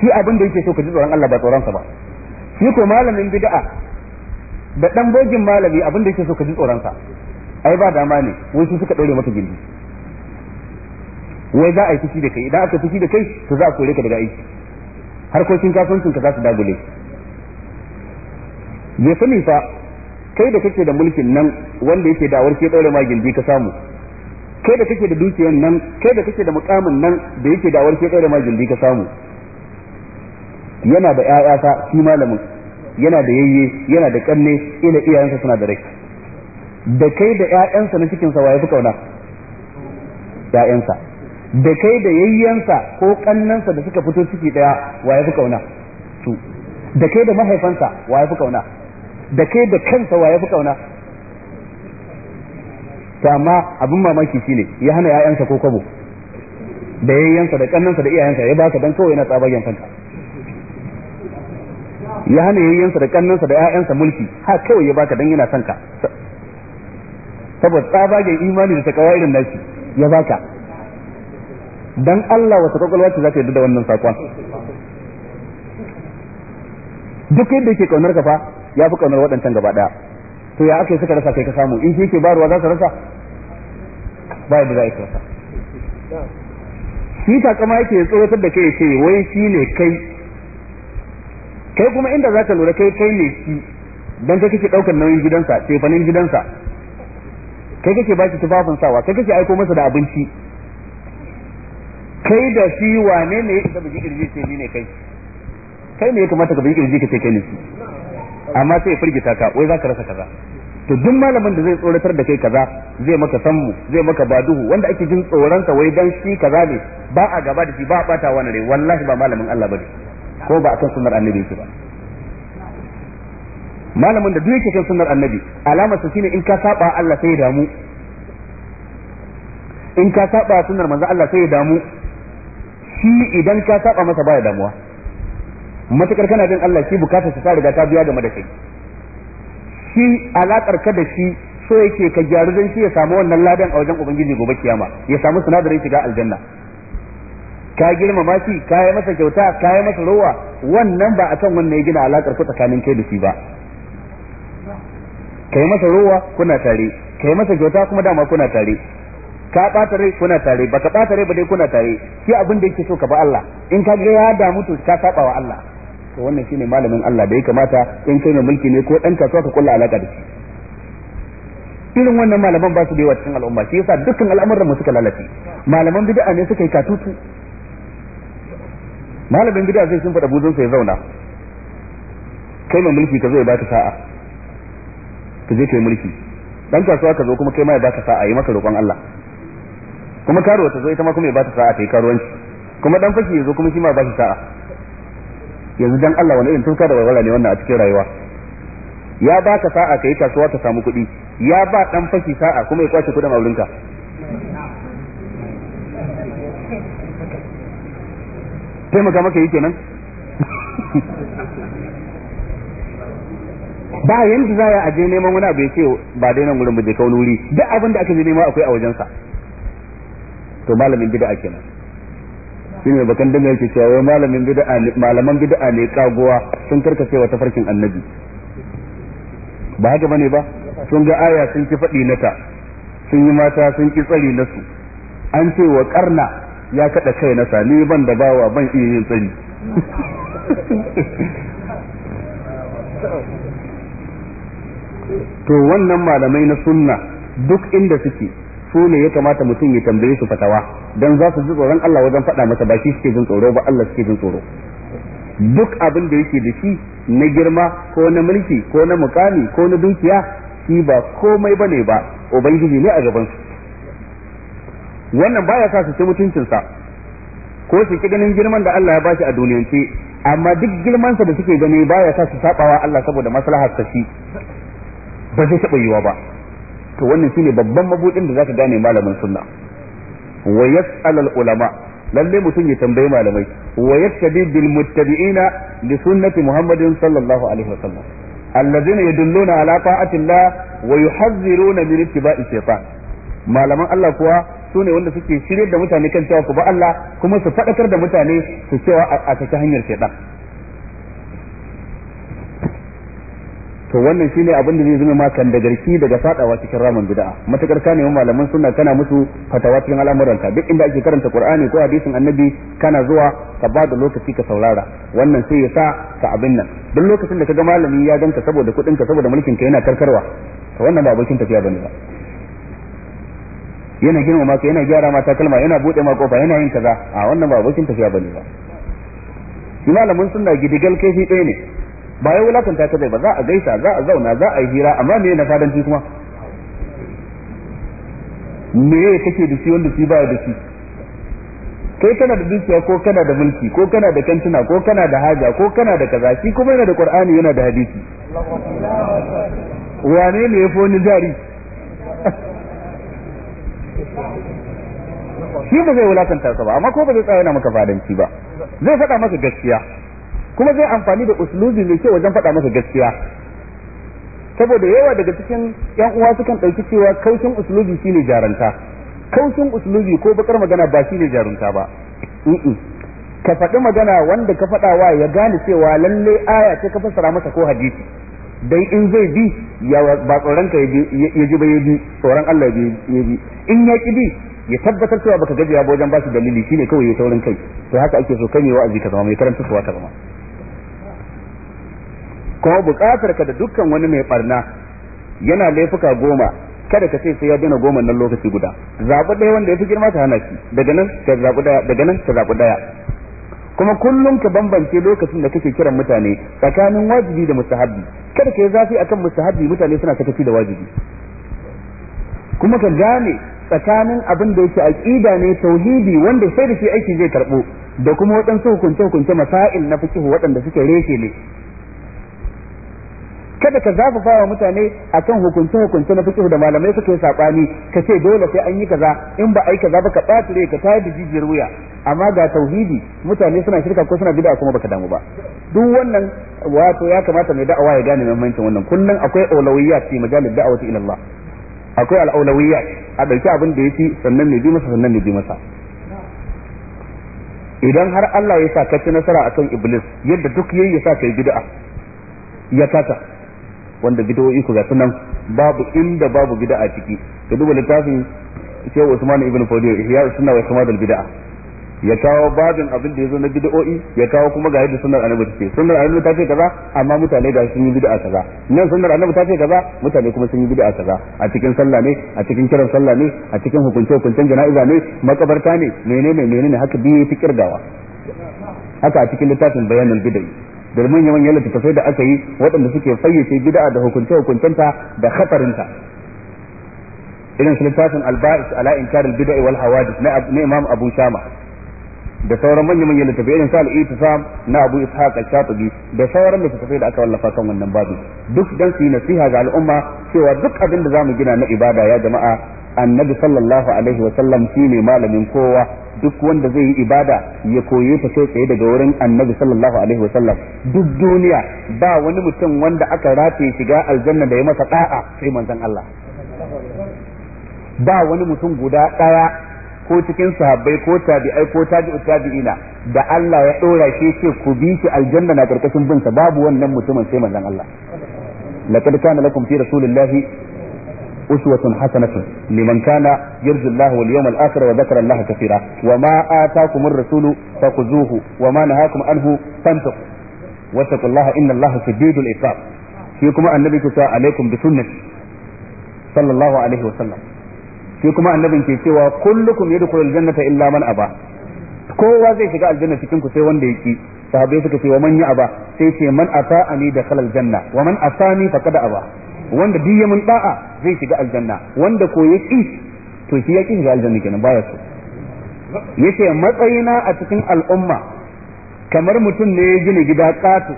shi abin da yake so ka ji tsoron Allah ba tsoron sa ba shi ko malamin bid'a da dan bogin malami abin da yake so ka ji tsoron sa ai ba dama ne wai su suka daure maka gindi wai za a yi fushi da kai idan aka fushi da kai to za a kore ka daga aiki harkokin kasuwancin ka za su dagule bai sani fa kai da kake da mulkin nan wanda yake da warke daure ma gindi ka samu kai da kake da dukiyar nan kai da kake da mukamin nan da yake da warke daure ma gindi ka samu yana da ƴaƴa fa shi malamin yana da yayye yana da kanne ila iyayensa suna da rai da kai da ƴaƴansa na cikin sa waye fi kauna ƴaƴansa da kai da yayyensa ko kannansa da suka fito ciki daya waye fi kauna su da kai da mahaifansa waye fi kauna da kai da kansa wa ya fi kauna to amma abin mamaki shine ya hana ƴaƴansa ko kwabo da yayyansa da kannansa da iyayensa ya baka dan kawai yana tsabagen kanta ya hana yayyansa da kannansa da ƴaƴansa mulki ha kawai ya baka dan yana son ka saboda tsabagen imani da takawa irin nashi ya baka dan Allah wata kwakwalwa ce za ta yarda da wannan sakon duk yadda yake kaunar ka fa ya fi kaunar waɗancan gaba ɗaya to ya aka yi suka rasa kai ka samu in shi ke baruwa za ka rasa ba yadda za a yi rasa shi takama yake tsoratar da kai ce wai shi ne kai kai kuma inda za ka lura kai kai ne shi don kai kake ɗaukar nauyin gidansa tefanin gidansa kai kake ba shi tufafin sawa kai kake aiko masa da abinci kai da shi wane ne ya isa bugi kirji ce ni ne kai kai ne ya kamata ka bugi kirji ka ce kai ne shi amma sai ya firgita ka wai za ka rasa kaza to duk malamin da zai tsoratar da kai kaza zai maka sammu zai maka baduhu wanda ake jin tsoronsa wai dan shi kaza ne ba a gaba da shi ba a bata wani rai wallahi ba malamin Allah bane ko ba akan sunnar annabi yake ba malamin da duk yake kan sunnar annabi alamar su shine in ka saba Allah sai ya damu in ka saba sunnar manzo Allah sai ya damu shi idan ka saba masa baya damuwa matukar kana jin Allah shi bukatarsa sa riga ta biya game da kai shi alakar ka da shi so yake ka gyaru don shi ya samu wannan ladan a wajen ubangiji gobe kiyama ya samu sinadarin shiga aljanna ka girmama shi ka yi masa kyauta ka yi masa rowa wannan ba akan wannan ya gina alakar ku tsakanin kai da shi ba ka yi masa rowa kuna tare ka yi masa kyauta kuma dama kuna tare ka ɓata rai kuna tare baka ɓata rai ba dai kuna tare shi abin da yake so ka ba Allah in ka ga ya damu to ka saba wa Allah to wannan shine malamin Allah da ya kamata in kai mai mulki ne ko dan kasuwa ka kulla alaka da shi irin wannan malaman ba su da yawa cikin al'umma shi yasa dukkan al'amuran mu suka lalace malaman bid'a ne suka yi katutu malamin bid'a zai sun fada buzun sai zauna kai mai mulki ka zo ya baka sa'a ka je kai mulki dan kasuwa ka zo kuma kai ma ya baka sa'a yi maka roƙon Allah kuma karuwa ta zo ita ma kuma ya bata sa'a ta yi karuwanci kuma dan fashi ya zo kuma shi ma ba shi sa'a yanzu dan Allah wani irin tuka da walwala ne wannan a cikin rayuwa ya ba ka sa'a kai kasuwa ka samu kuɗi ya ba dan fashi sa'a kuma ya kwace kuɗin aurinka taimaka maka yi kenan ba yanda za a je neman wani abu ya ce ba dai nan gurin ba je kawo wuri duk abin da aka je nema akwai a wajensa to malamin bid'a kenan shine bakan dinga yake cewa wai malamin bid'a ne malaman bid'a ne kaguwa sun karkace wa tafarkin annabi ba haka bane ba sun ga aya sun ki faɗi nata sun yi mata sun ki tsari nasu an ce wa karna ya kada kai nasa ni ban da bawa ban iya yin tsari to wannan malamai na sunna duk inda suke su ne ya kamata mutum ya tambaye su fatawa dan za su ji tsoron Allah wajen faɗa masa ba shi suke jin tsoro ba Allah suke jin tsoro duk abin da yake da shi na girma ko na mulki ko na mukami ko na dukiya shi ba komai bane ba ubangiji ne a gaban su wannan baya sa su ci mutuncinsa ko su ki ganin girman da Allah ya bashi a duniyance amma duk girman sa da suke gani baya sa su sabawa Allah saboda maslahar sa shi ba zai taɓa yiwa ba to wannan shine babban mabudin da zaka gane malamin sunna wa yas'al ulama lalle mutum ya tambayi malamai wa yattabi bil muttabi'ina li sunnati muhammadin sallallahu alaihi wasallam alladhina yadulluna ala ta'ati allah wa yuhadhiruna min ittiba'i shaytan malaman Allah kuwa su ne wanda suke shirye da mutane kan cewa ku ba Allah kuma su faɗakar da mutane su cewa a saki hanyar shaytan to wannan shine abin da zai zama ma kan da garki daga fadawa cikin ramin bid'a matakar ka ne malaman sunna kana musu fatawa cikin ka duk inda ake karanta qur'ani ko hadisin annabi kana zuwa ka ba da lokaci ka saurara wannan sai ya sa ka abin nan duk lokacin da kaga malami ya danka saboda kudin ka saboda mulkin ka yana karkarwa to wannan ba abokin tafiya bane ba yana girma maka yana gyara ma takalma yana bude ma kofa yana yin kaza a wannan ba abokin tafiya bane ba shi malamin sunna gidigal kai shi ɗaya ne ba ya wulakanta ta zai ba za a gaisa za a zauna za a yi hira amma me na fadanci kuma me kake da shi wanda shi ba da shi kai kana da dukiya ko kana da mulki ko kana da kantuna ko kana da haja ko kana da kaza shi kuma yana da qur'ani yana da hadisi wane ne ya foni jari shi ba zai wulakanta ka ba amma ko ba zai tsaya yana maka fadanci ba zai faɗa maka gaskiya kuma zai amfani da uslubi mai kyau wajen faɗa maka gaskiya saboda yawa daga cikin yan uwa sukan ɗauki cewa kaushin uslubi shine jaranta kaushin uslubi ko bakar magana ba shine jarunta ba ka faɗi magana wanda ka wa ya gane cewa lalle aya ce ka fassara masa ko hadisi dan in zai bi ya ba tsoron ka ya ji ba ya bi tsoron Allah ya bi in ya ki bi ya tabbatar cewa baka gaji ba wajen ba shi dalili shine kawai ya taurin kai to haka ake so kai ne wa'azi ka zama mai karanta suwa ka zama kuma buƙatar ka da dukkan wani mai barna yana laifuka goma kada ka ce sai ya daina goma nan lokaci guda zabi ɗaya wanda ya fi girma ta hana ki daga nan ka zaɓi ɗaya daga nan ka zaɓi ɗaya kuma kullum ka bambance lokacin da kake kiran mutane tsakanin wajibi da mustahabbi kada ka yi zafi akan mustahabbi mutane suna sakaci da wajibi kuma ka gane tsakanin abin da yake aqida ne tauhidi wanda sai da shi aiki zai karbo da kuma waɗansu hukunce hukunce masail na fiqh waɗanda suke reshe ne kada ka zafafa wa mutane a kan hukunce hukunce na fiqh da malamai suke sabani ka ce dole sai an yi kaza in ba ai kaza ba ka ɓata rai ka tayar da jijiyar wuya amma ga tauhidi mutane suna shirka ko suna bid'a kuma baka damu ba duk wannan wato ya kamata mai da'awa ya gane muhimmancin wannan kullun akwai aulawiyya fi majalis da'awati ila Allah akwai al'aulawiyya a dauki abin da yafi sannan ne bi masa sannan ne bi masa idan har Allah ya sa ka ci nasara akan iblis yadda duk yayi ya sa kai bid'a ya kasa wanda bid'o'i ku ga sunan babu inda babu bid'a ciki ka duba littafin Shehu Usman ibn Fadil Ihya Sunna wa Kamadul Bid'a ya kawo babin abin da ya zo na bid'o'i ya kawo kuma ga yadda sunnar annabi take sunnar annabi ta ce kaza amma mutane ga sun yi bid'a kaza nan sunnar annabi ta ce kaza mutane kuma sun yi bid'a kaza a cikin sallah ne a cikin kiran sallah ne a cikin hukunce hukuncen jana'iza ne makabarta ne menene menene haka biyu fikir haka a cikin littafin bayanin bid'a da manyan manyan littattafai da aka yi waɗanda suke fayyace bid'a da hukunce hukuncenta da khatarinta irin su littafin alba'is ala inkar albid'a wal hawadith na imam abu shama da sauran manyan manyan littattafai irin su al na abu ishaq al-shatibi da sauran littattafai da aka wallafa kan wannan babu duk dan su yi nasiha ga al'umma cewa duk abin da zamu gina na ibada ya jama'a annabi sallallahu alaihi wa sallam shine malamin kowa duk wanda zai yi ibada ya koye ta kai tsaye daga wurin annabi sallallahu alaihi wasallam duk duniya ba wani mutum wanda aka rataye shiga aljanna da ya masa da'a sai manzon Allah ba wani mutum guda daya ko cikin sahabbai ko tabi'ai ko tabi'ina da Allah ya dora shi ce ku bi shi aljanna na karkashin binsa babu wannan mutumin sai manzon Allah laqad kana lakum fi rasulillahi uswatun hasanatun liman kana yarju Allah wal yawmal akhir wa dhakara Allah kaseera wa ma ataakumur rasulu fakhuzuhu wa ma nahakum anhu fantaqu wattaqullaha inna Allah shadidul iqab shi kuma annabi ke cewa alaikum bi sallallahu alaihi wa sallam shi kuma annabin ke cewa illa man aba kowa zai shiga aljanna cikin ku sai wanda yake sahabbai suka ce wa man ya aba sai ce man ata'ani da khalal janna wa man asani faqad aba wanda duk ya mun da'a zai shiga aljanna wanda ko ya ki to shi ya ki shiga aljanna kenan baya so yace matsayina a cikin al'umma kamar mutum ne ya gina gida katu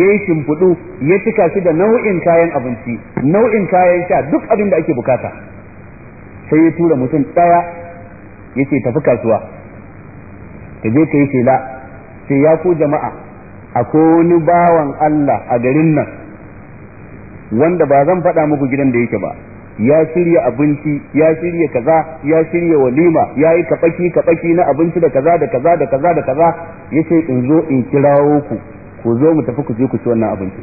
ya yi shimfiɗu ya cika shi da nau'in kayan abinci nau'in kayan sha duk abin da ake bukata sai ya tura mutum ɗaya yake tafi kasuwa kaje je ka yi shela sai ya ku jama'a akwai wani bawan Allah a garin nan wanda ba zan faɗa muku gidan da yake ba ya shirya abinci ya shirya kaza ya shirya walima ya yi kaɓaki kaɓaki na abinci da kaza da kaza da kaza da kaza ya ce in zo in kirawo ku ku zo mu tafi ku je ku ci wannan abinci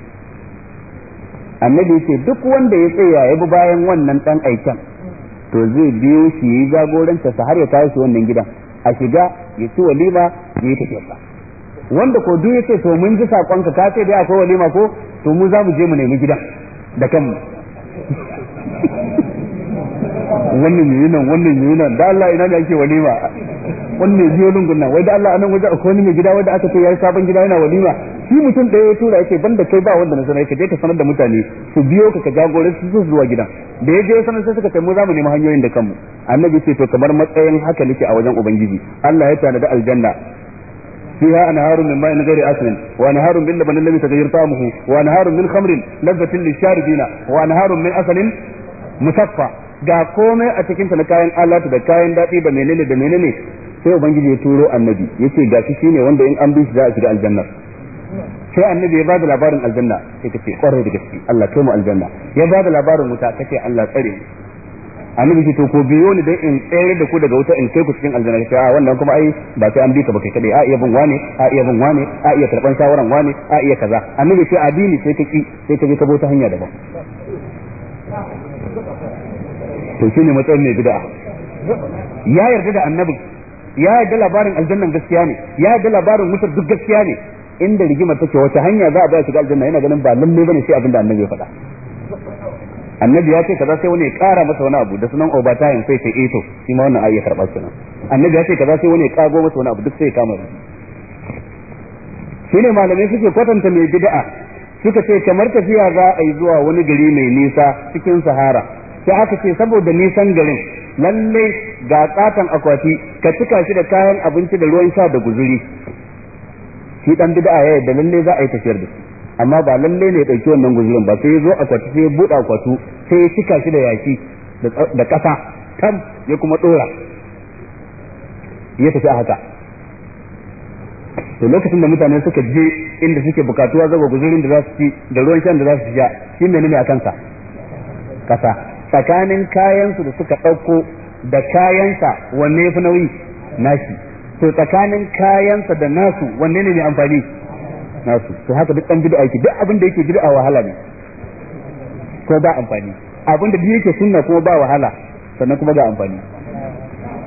annabi ya duk wanda ya tsaya ya bi bayan wannan dan aikan to zai biyo shi ya yi jagoranta sa har ya kawo shi wannan gidan a shiga ya ci walima ya yi tafiyarsa wanda ko duk ya ce to mun ji saƙonka ka ce dai akwai walima ko to mu za mu je mu nemi gidan da kanmu wannan yayi nan wannan yayi nan da Allah ina da ake walima wannan yayi lungun nan wai da Allah anan waje akwai wani mai gida wanda aka ce yayi sabon gida yana walima shi mutum da ya tura yake banda kai ba wanda na sanar ka je ka sanar da mutane su biyo ka ka jagore su su zuwa gidan da ya je sanar sai suka ce mu za mu nemi hanyoyin da kanmu annabi ce to kamar matsayin haka nake a wajen ubangiji Allah ya tanada aljanna فيها أنهار من ماء غير آسن وأنهار من لبن لم يتغير طعمه وأنهار من خمر لذة للشاربين وأنهار من عسل مصفى ga komai a cikin na kayan alatu da kayan daɗi da menene da menene sai ubangiji ya turo annabi yace ga shi shine wanda in an bi shi za a shiga aljanna sai annabi ya bada labarin aljanna sai kace kwarai da gaske Allah kai mu aljanna ya bada labarin wuta kace Allah tsare annabi ce to ko biyo ni dan in tsere da ku daga wuta in kai ku cikin aljanna ce a ah, wannan kuma ai ba sai an bi ka ba kai kade a iya bin wane a iya bin wane a iya karban shawaran wane a iya kaza annabi ce a sai ka ki sai ka je ta hanya daban to shine matsayin mai bid'a ya yarda da annabi ya yarda labarin aljannan gaskiya ne ya yarda labarin mutar duk gaskiya ne inda rigimar take wace hanya za a ba shiga aljanna yana ganin ba lalle bane sai abinda annabi ya faɗa annabi ya ce kaza sai wani ya kara masa wani abu da sunan obatayin sai sai eto eh shi ma wannan ayi karɓar sunan annabi ya ce kaza sai wani ya kago masa wani abu duk sai ya kama shi ne malamai suke kwatanta mai bid'a suka ce kamar tafiya za a yi zuwa wani gari mai nisa cikin sahara sai aka ce saboda nisan garin lalle ga katon akwati ka cika shi da kayan abinci da ruwan sha da guzuri shi dan bid'a ya da lalle za a yi tafiyar da su amma ba lallai ne ya ɗauki wannan guzurin ba sai ya zo kwatu sai ya buɗe akwatu sai ya cika shi da yaki da ƙasa tam ya kuma ɗora ya tafi a haka to lokacin da mutane suka je inda suke bukatuwa zaba guzurin da za su ci da ruwan shan da za su sha shi menene a kansa ƙasa tsakanin kayansu da suka ɗauko da kayansa wanne ya nauyi nashi to tsakanin kayansa da nasu wanne ne mai amfani nasu to haka duk dan bid'a yake duk abin da yake bid'a wahala ne ko ba amfani abin da yake sunna kuma ba wahala sannan kuma ga amfani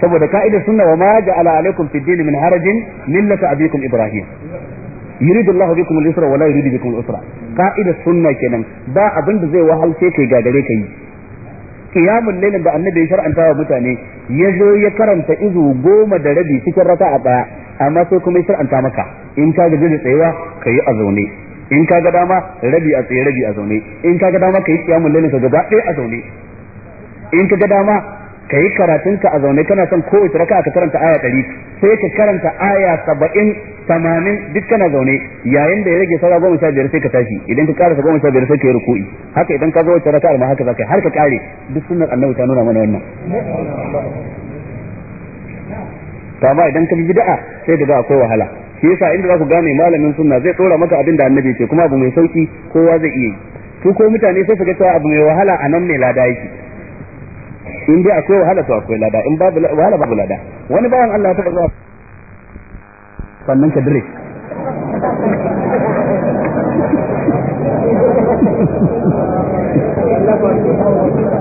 saboda ka'ida sunna wa ma ja'ala alaikum fid din min harajin millata abikum ibrahim yuridu Allahu bikum al-yusra wa la yuridu bikum al-usra ka'ida sunna kenan ba abin da zai wahalce kai gagare kai kiyamun lailin da annabi ya shar'anta wa mutane ya zo ya karanta izu goma da rabi cikin a daya amma sai kuma shar'anta maka in ka gaje da tsayawa ka yi a zaune in ka ga dama rabi a tsaye rabi a zaune in ka ga dama ka yi kiyamun lailin ka gaba ɗaya a zaune in ka ga dama ka yi karatunka a zaune kana son kowace raka ka karanta aya ɗari sai ka karanta aya saba'in tamanin duk kana zaune yayin da ya rage sara goma sha biyar sai ka tashi idan ka karasa goma sha biyar sai ka yi ruku'i haka idan ka zo wacce raka'ar ma haka za ka yi har ka kare duk sunan annabi ta nuna mana wannan to amma idan ka bi bid'a sai da akwai wahala shi yasa inda za ku gane malamin sunna zai dora maka abin da annabi ce kuma abu mai sauki kowa zai iya yi su ko mutane sai su ga cewa abu mai wahala a nan ne lada yake in dai akwai wahala to akwai lada in babu wahala babu lada wani bayan Allah ta zuwa sannan ka dire Thank you.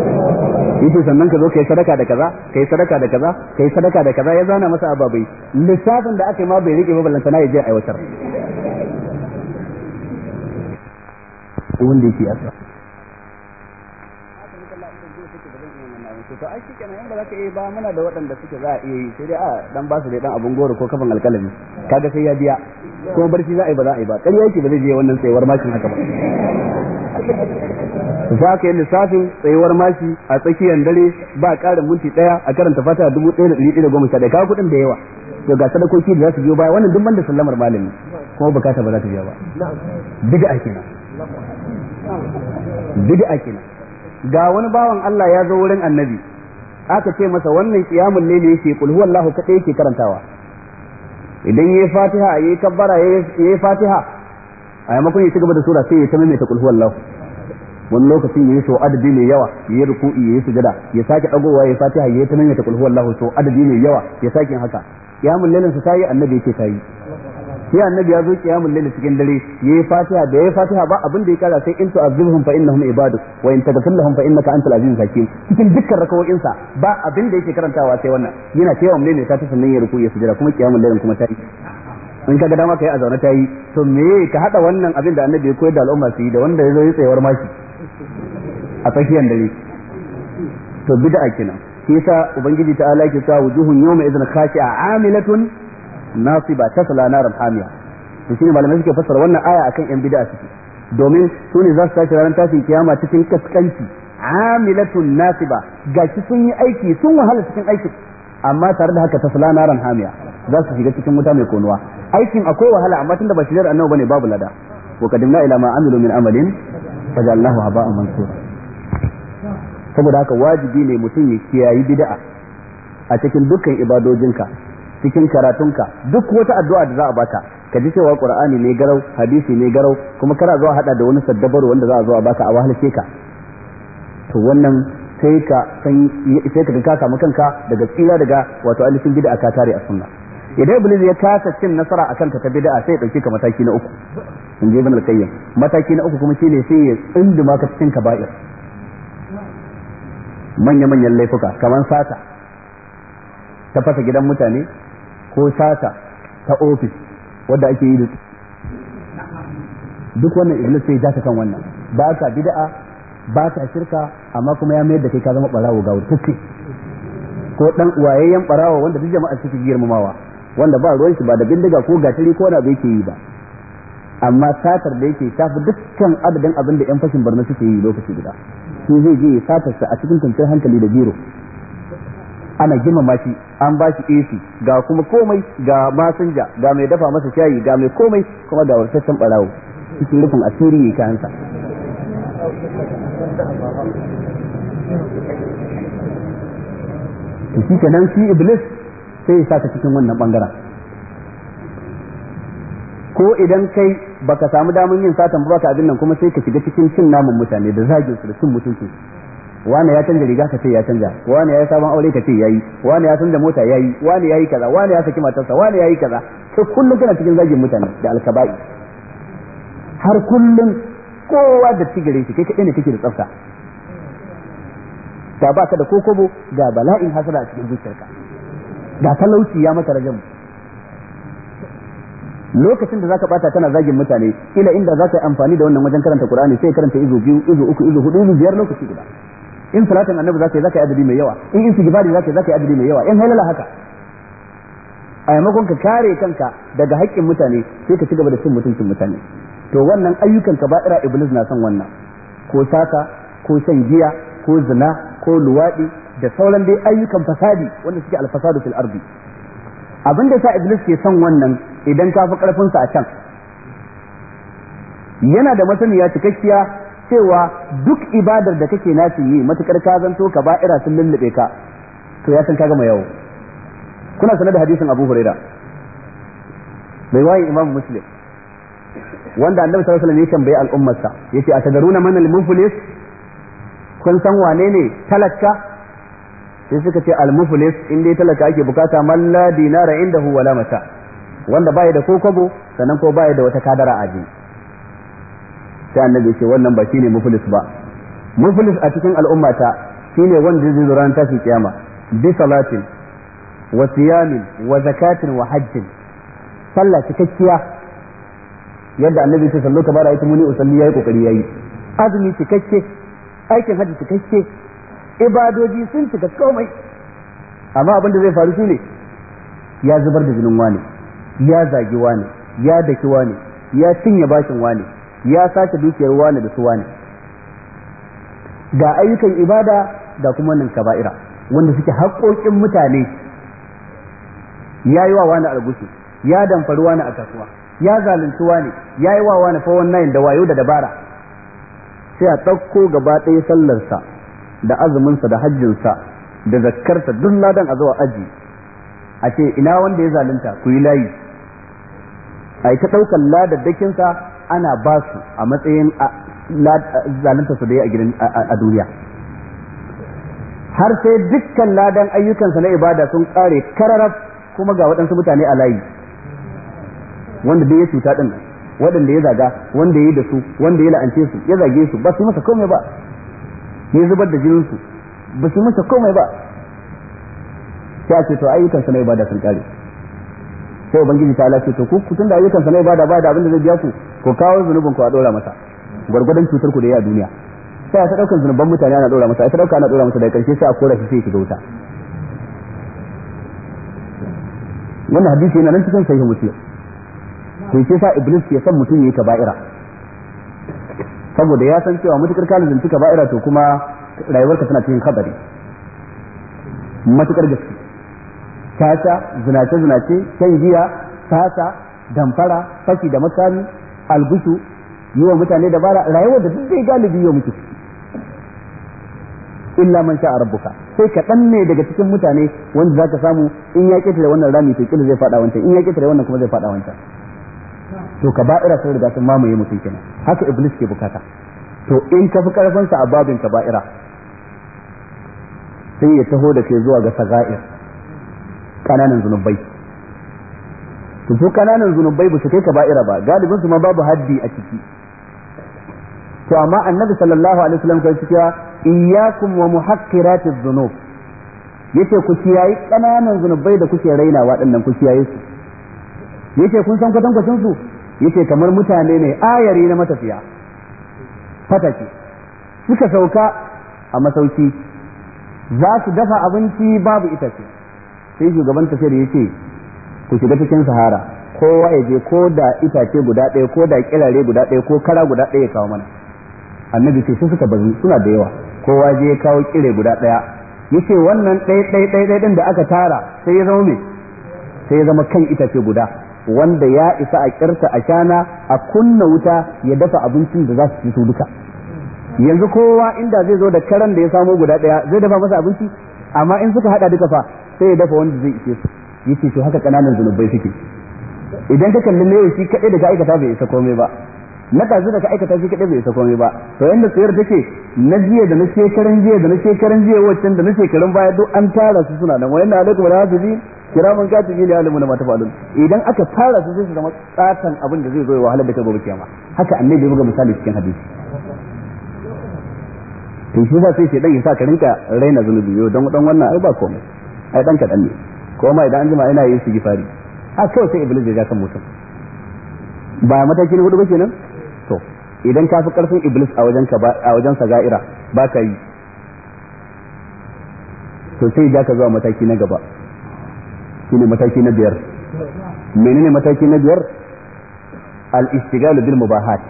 yace sannan ka zo kai sadaka da kaza kai sadaka da kaza kai sadaka da kaza ya zana masa ababai lissafin da aka yi ma bai rike ba ballanta na je aiwatar wanda yake asa to ai shi kenan ba za ka iya ba muna da waɗanda suke za a iya yi sai dai a dan ba su dai dan abun goro ko kafan alkalami kaga sai ya biya kuma barci za a yi ba za a yi ba ƙarya yake ba zai je wannan tsayuwar mashin haka ba za ka yi lissafin tsayuwar maki a tsakiyar dare ba karin minti ɗaya a karanta fata dubu ɗaya da ɗari ɗaya da goma sha ɗaya kawo kuɗin da yawa to ga sadakoki da za su biyo baya wannan duk banda sallamar malami kuma bukata ba za ta biya ba bid'a kenan bid'a ga wani bawan Allah ya zo wurin annabi aka ce masa wannan ne layli yake kul huwallahu kadai yake karantawa idan yayi fatiha yayi kabbara yayi fatiha a maimakon ya ci gaba da sura sai ya ta maimaita kul huwallahu wani lokacin yayi so adadi mai yawa yayi ruku'i yayi sujada ya sake dagowa ya fatiha yayi ta nan ya takul huwallahu so adadi mai yawa ya sake haka qiyamul lailin sa sai annabi yake sai sai annabi ya zo qiyamul lailin cikin dare yi fatiha da yi fatiha ba abin da ya kara sai in tu'azzibhum fa innahum ibadu wa in taghfir fa innaka antal azizul hakim cikin dukkan rakawoyin sa ba abin da yake karantawa sai wannan yana cewa mun lailin sai ta sannan ya ruku'i ya sujada kuma qiyamul lailin kuma sai in ka ga dama kai a zaune ta yi to me ka hada wannan abin da annabi ya koyar da al'umma su yi da wanda ya zo yi tsayawar maki a tsakiyar dare to bid'a kenan shi yasa ubangiji ta ala ke sa wujuhun yawma idan khashi'a amilatun nasiba tasla naran hamiya to shine malamai suke fassara wannan aya akan yan bid'a suke domin su ne za su tashi ranar tashin kiyama cikin kaskanci amilatun nasiba gashi sun yi aiki sun wahala cikin aikin amma tare da haka tasla naran hamiya za su shiga cikin wuta mai konuwa aikin akwai wahala amma tunda ba shi shirar annabi bane babu lada wa qadimna ila ma amilu min amalin fajallahu haba a mansura saboda haka wajibi ne mutum ya kiyayi bid'a a cikin dukkan ibadojinka cikin karatunka duk wata addu'a da za a baka ka ji cewa qur'ani ne garau hadisi ne garau kuma kana zuwa hada da wani saddabaru wanda za a zo a baka a wahalce ka to wannan sai ka san sai ka ka samu kanka daga tsira daga wato alifin bid'a ka tare a sunna idan iblis ya kasa cin nasara akan ka ta bid'a sai ya dauke ka mataki na uku in je ibn da qayyim mataki na uku kuma shine sai ya tsinduma ka cikin kaba'ir manya manyan laifuka kamar sata ta fasa gidan mutane ko sata ta ofis wadda ake yi da duk wannan iblis sai ja ta kan wannan ba ka bid'a ba ka shirka amma kuma ya mayar da kai ka zama barawo ga wurin ko dan uwayayyen barawo wanda duk jama'a suke girmamawa wanda ba ruwan shi ba da bindiga ko gatari ko da bai ke yi ba amma satar da yake shafi dukkan adadin abin da yan fashin barna suke yi lokaci guda su zai je ya satar sa a cikin kwanciyar hankali da biro ana girmama shi an ba shi AC ga kuma komai ga masinja ga mai dafa masa shayi ga mai komai kuma ga wartaccen barawo cikin rufin asiri ya kayansa to shi kenan shi iblis sai ya sata cikin wannan bangaren ko idan kai baka samu damar yin satan ba ka abin nan kuma sai ka shiga cikin cin namun mutane da zagin su da cin mutunci wani ya canza riga ka ce ya canza wani ya yi sabon aure ka ce yayi wani ya canza mota yayi wani ya yi kaza wani ya saki matarsa wani ya yi kaza sai kullum kana cikin zagin mutane da alkaba'i har kullum kowa da tigire shi kai kaɗai ne kake da tsafta da baka da kokobo ga bala'in hasara a cikin zuciyarka da talauci ya maka rajamu lokacin da zaka bata tana zagin mutane ila inda zaka yi amfani da wannan wajen karanta Qur'ani sai karanta izu biyu izu uku izu hudu izu biyar lokaci guda in salatin annabi zaka yi zaka yi adadi mai yawa in istighfari zaka yi zaka yi adadi mai yawa in halala haka a yamakon ka kare kanka daga haƙƙin mutane sai ka cigaba gaba da cin mutuncin mutane to wannan ayyukan ka ba'ira iblis na son wannan ko saka ko shan giya ko zina ko Luwadi da sauran dai ayyukan fasadi wanda suke alfasadu fil ardi abin da sa iblis ke son wannan idan ka fi sa a can yana da masaniya cikakkiya cewa duk ibadar da kake nasi yi matukar ka zanto ka ba'ira sun lullube ka to ya san ka gama yawo kuna sanar da hadisin Abu Huraira bai waye Imam Muslim wanda Annabi sallallahu alaihi wasallam ya tambaye al'ummarsa yace atadaruna man al-muflis kun san wane ne talaka sai suka ce al-muflis in talaka ake bukata man la dinara indahu wala mata' wanda baya da ko kwabo sannan ko baya da wata kadara a ji sai annabi ce wannan ba shine muflis ba muflis a cikin al'ummata shine wanda zai zo ran tashi kiyama bi salatin wa siyamin wa zakatin wa hajjin sallah cikakkiya yadda annabi ce sallu ka bara ita muni usalli yayi kokari yayi azumi cikakke aikin hajji cikakke ibadoji sun cika komai amma abin da zai faru shine ya zubar da jinin wani ya zagi wani ya daki wani ya cinye bashin wani ya sace dukiyar wani da su wani ga ayyukan ibada da kuma nan kaba'ira wanda suke haƙoƙin mutane ya yi wa wani argusu ya damfari wani a kasuwa ya zalunci wani ya yi wa wani fawon nayin da wayo da dabara sai a ɗauko gaba ɗaya sallarsa da azuminsa da hajjinsa da zakkarsa duk ladan a zuwa aji a ce ina wanda ya zalunta ku yi layi ai ta ɗaukar sa ana ba su a matsayin zalunta su da ya a duniya har sai dukkan ladan ayyukansa na ibada sun ƙare kararraf kuma ga waɗansu mutane a layi wanda dai ya cuta ɗin waɗanda ya zaga wanda ya yi da su wanda ya la'ance su ya zage su ba su masa komai ba ya zubar da jinin su ba su masa komai ba sai a ce to ayyukansa na ibada sun ƙare sai ubangiji ta lafi to ku kutun da ayyukan sa ba da ba da abin da zai biya ku ko kawo zanubin ku a dora masa gwargwadon cutar ku da ya duniya sai ta daukan zunuban mutane ana dora masa sai ta dauka ana dora masa da karshe sai a kora shi sai ki wuta wannan hadisi yana nan cikin sahih muslim sai ke sa iblis ke san mutum yayi kaba'ira saboda ya san cewa mutukar ka lazanci kaba'ira to kuma rayuwarka tana cikin kabari matukar gaske tata zinace zinace shan giya tata damfara fashi da makami algushu yi wa mutane da bara, rayuwar da duk zai galibi wa muke illa man sha'a rabbuka sai kaɗan ne daga cikin mutane wanda zaka samu in ya ƙetare wannan rami to kila zai faɗa wancan in ya ƙetare wannan kuma zai faɗa wancan to ka ba'ira sun riga sun mamaye mutum kenan haka iblis ke bukata to in ka fi karfin sa a babin ka ba'ira sai ya taho da ke zuwa ga saga'ir kananan zunubai to ko kananan zunubai ba su kai kaba'ira ba galibin su ma babu haddi a ciki to amma annabi sallallahu alaihi wasallam kai cewa iyyakum wa muhaqqiratiz dhunub yace ku kiyayi kananan zunubai da kuke raina waɗannan ku kiyaye su yace kun san kwatan kwatan su yace kamar mutane ne ayari na matafiya fataki suka sauka a masauki za su dafa abinci babu itace sai shugaban tafiyar ya ce ku shiga cikin sahara kowa ya je ko da itace guda ɗaya ko da kirare guda ɗaya ko kara guda ɗaya ya kawo mana annabi ce sai suka bazu suna da yawa kowa je kawo kire guda ɗaya yace wannan ɗaya ɗaya ɗaya ɗaya ɗin da aka tara sai ya zama me sai ya zama kan itace guda wanda ya isa a kirta a shana a kunna wuta ya dafa abincin da za su ci su duka yanzu kowa inda zai zo da karan da ya samo guda ɗaya zai dafa masa abinci amma in suka hada duka fa sai ya dafa wanda zai ishe su yace to haka kananan zunubai suke idan ka kalli ne shi kadai da ka aikata bai isa komai ba na kazu da ka aikata shi kadai bai isa komai ba to yanda tsayar take na jiya da na shekaran jiya da na shekaran jiya waccan da na shekaran baya duk an tara su suna nan wayanna alaikum rahmatullahi kiraman katibi ne alimu na mata fa'alun idan aka tara su sai su zama tsatan abin da zai zo ya wahalar da kai gobe kiyama haka annabi ya buga misali cikin hadisi to shi ba sai shedan ya sa ka rinka raina zunubi yau dan dan wannan ai ba komai ai dan kaɗan ne ko ma idan an jima ina yin gifari a kawai sai iblis ya ga kan mutum ba mataki na hudu ba kenan to idan ka fi karfin iblis a wajen a wajen saga'ira ba ka yi to sai ja ka zuwa mataki na gaba shine mataki na biyar menene mataki na biyar al-istighal bil mubahat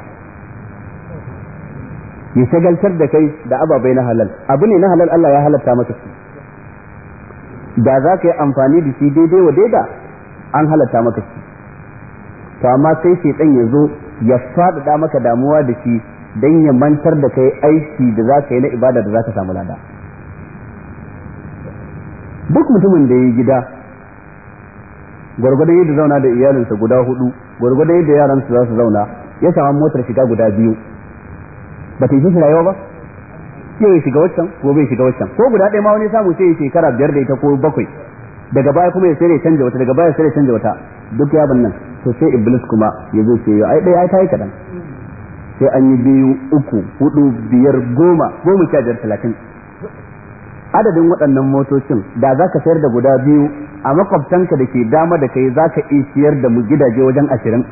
ya shagaltar da kai da ababai na halal abu ne na halal Allah ya halatta maka su da za ka yi amfani da shi daidai wa daida an halatta maka shi to amma sai shaitan ya zo ya faɗaɗa maka damuwa da shi don ya mantar da kai aiki da za ka yi na ibada da za ka samu lada duk mutumin da ya yi gida gwargwadon yadda zauna da iyalinsa guda hudu gwargwadon yadda yaransa za su zauna ya samu motar shiga guda biyu ba ta yi shi rayuwa ba sai ya shiga waccan ko bai shiga waccan ko guda ɗaya ma wani samu sai ya shekara biyar da ita ko bakwai daga baya kuma ya sai ya canja wata daga baya sai ya canja wata duk ya nan to sai iblis kuma ya zo sai ya ai ɗaya ai ta yi kaɗan sai an yi biyu uku hudu biyar goma goma sha biyar talatin adadin waɗannan motocin da za ka sayar da guda biyu a makwabtanka da ke dama da kai za ka iya sayar da mu gidaje wajen ashirin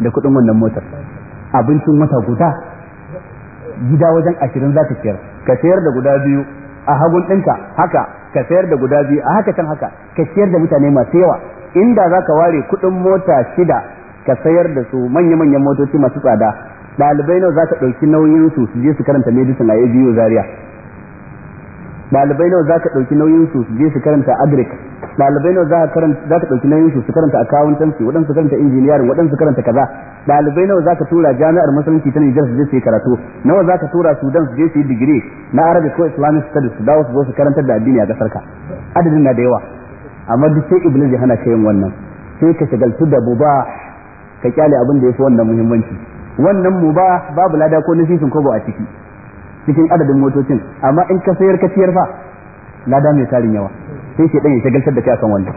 da kudin wannan motar abincin wata guda gida wajen ashirin za ka siyar ka sayar da guda biyu a hagun ɗinka haka ka sayar da guda biyu a haka can haka ka siyar da mutane masu yawa inda za ka ware kuɗin mota shida ka sayar da su manya-manyan motoci masu tsada ɗalibai nawa za ka ɗauki nauyin su su je su karanta medicine a ABU Zaria ɗalibai nawa za ka ɗauki nauyin su su je su karanta agric dalibai nawa za ka karanta za dauki nauyin su su karanta accountancy waɗansu su karanta engineering waɗansu su karanta kaza dalibai nawa za ka tura jami'ar musulunci ta Nijar su je su yi karatu nawa za ka tura Sudan su je su yi digiri na Arabic ko Islamic studies su dawo su zo su karantar da addini a kasar ka adadin na da yawa amma duk sai iblis ya hana ka yin wannan sai ka shagaltu da buba ka kyale abin da fi wannan muhimmanci wannan ba babu lada ko nafisin ko ba a ciki cikin adadin motocin amma in ka sayar ka ciyar fa lada mai tarin yawa sai ke dan ya shagaltar da kai akan wannan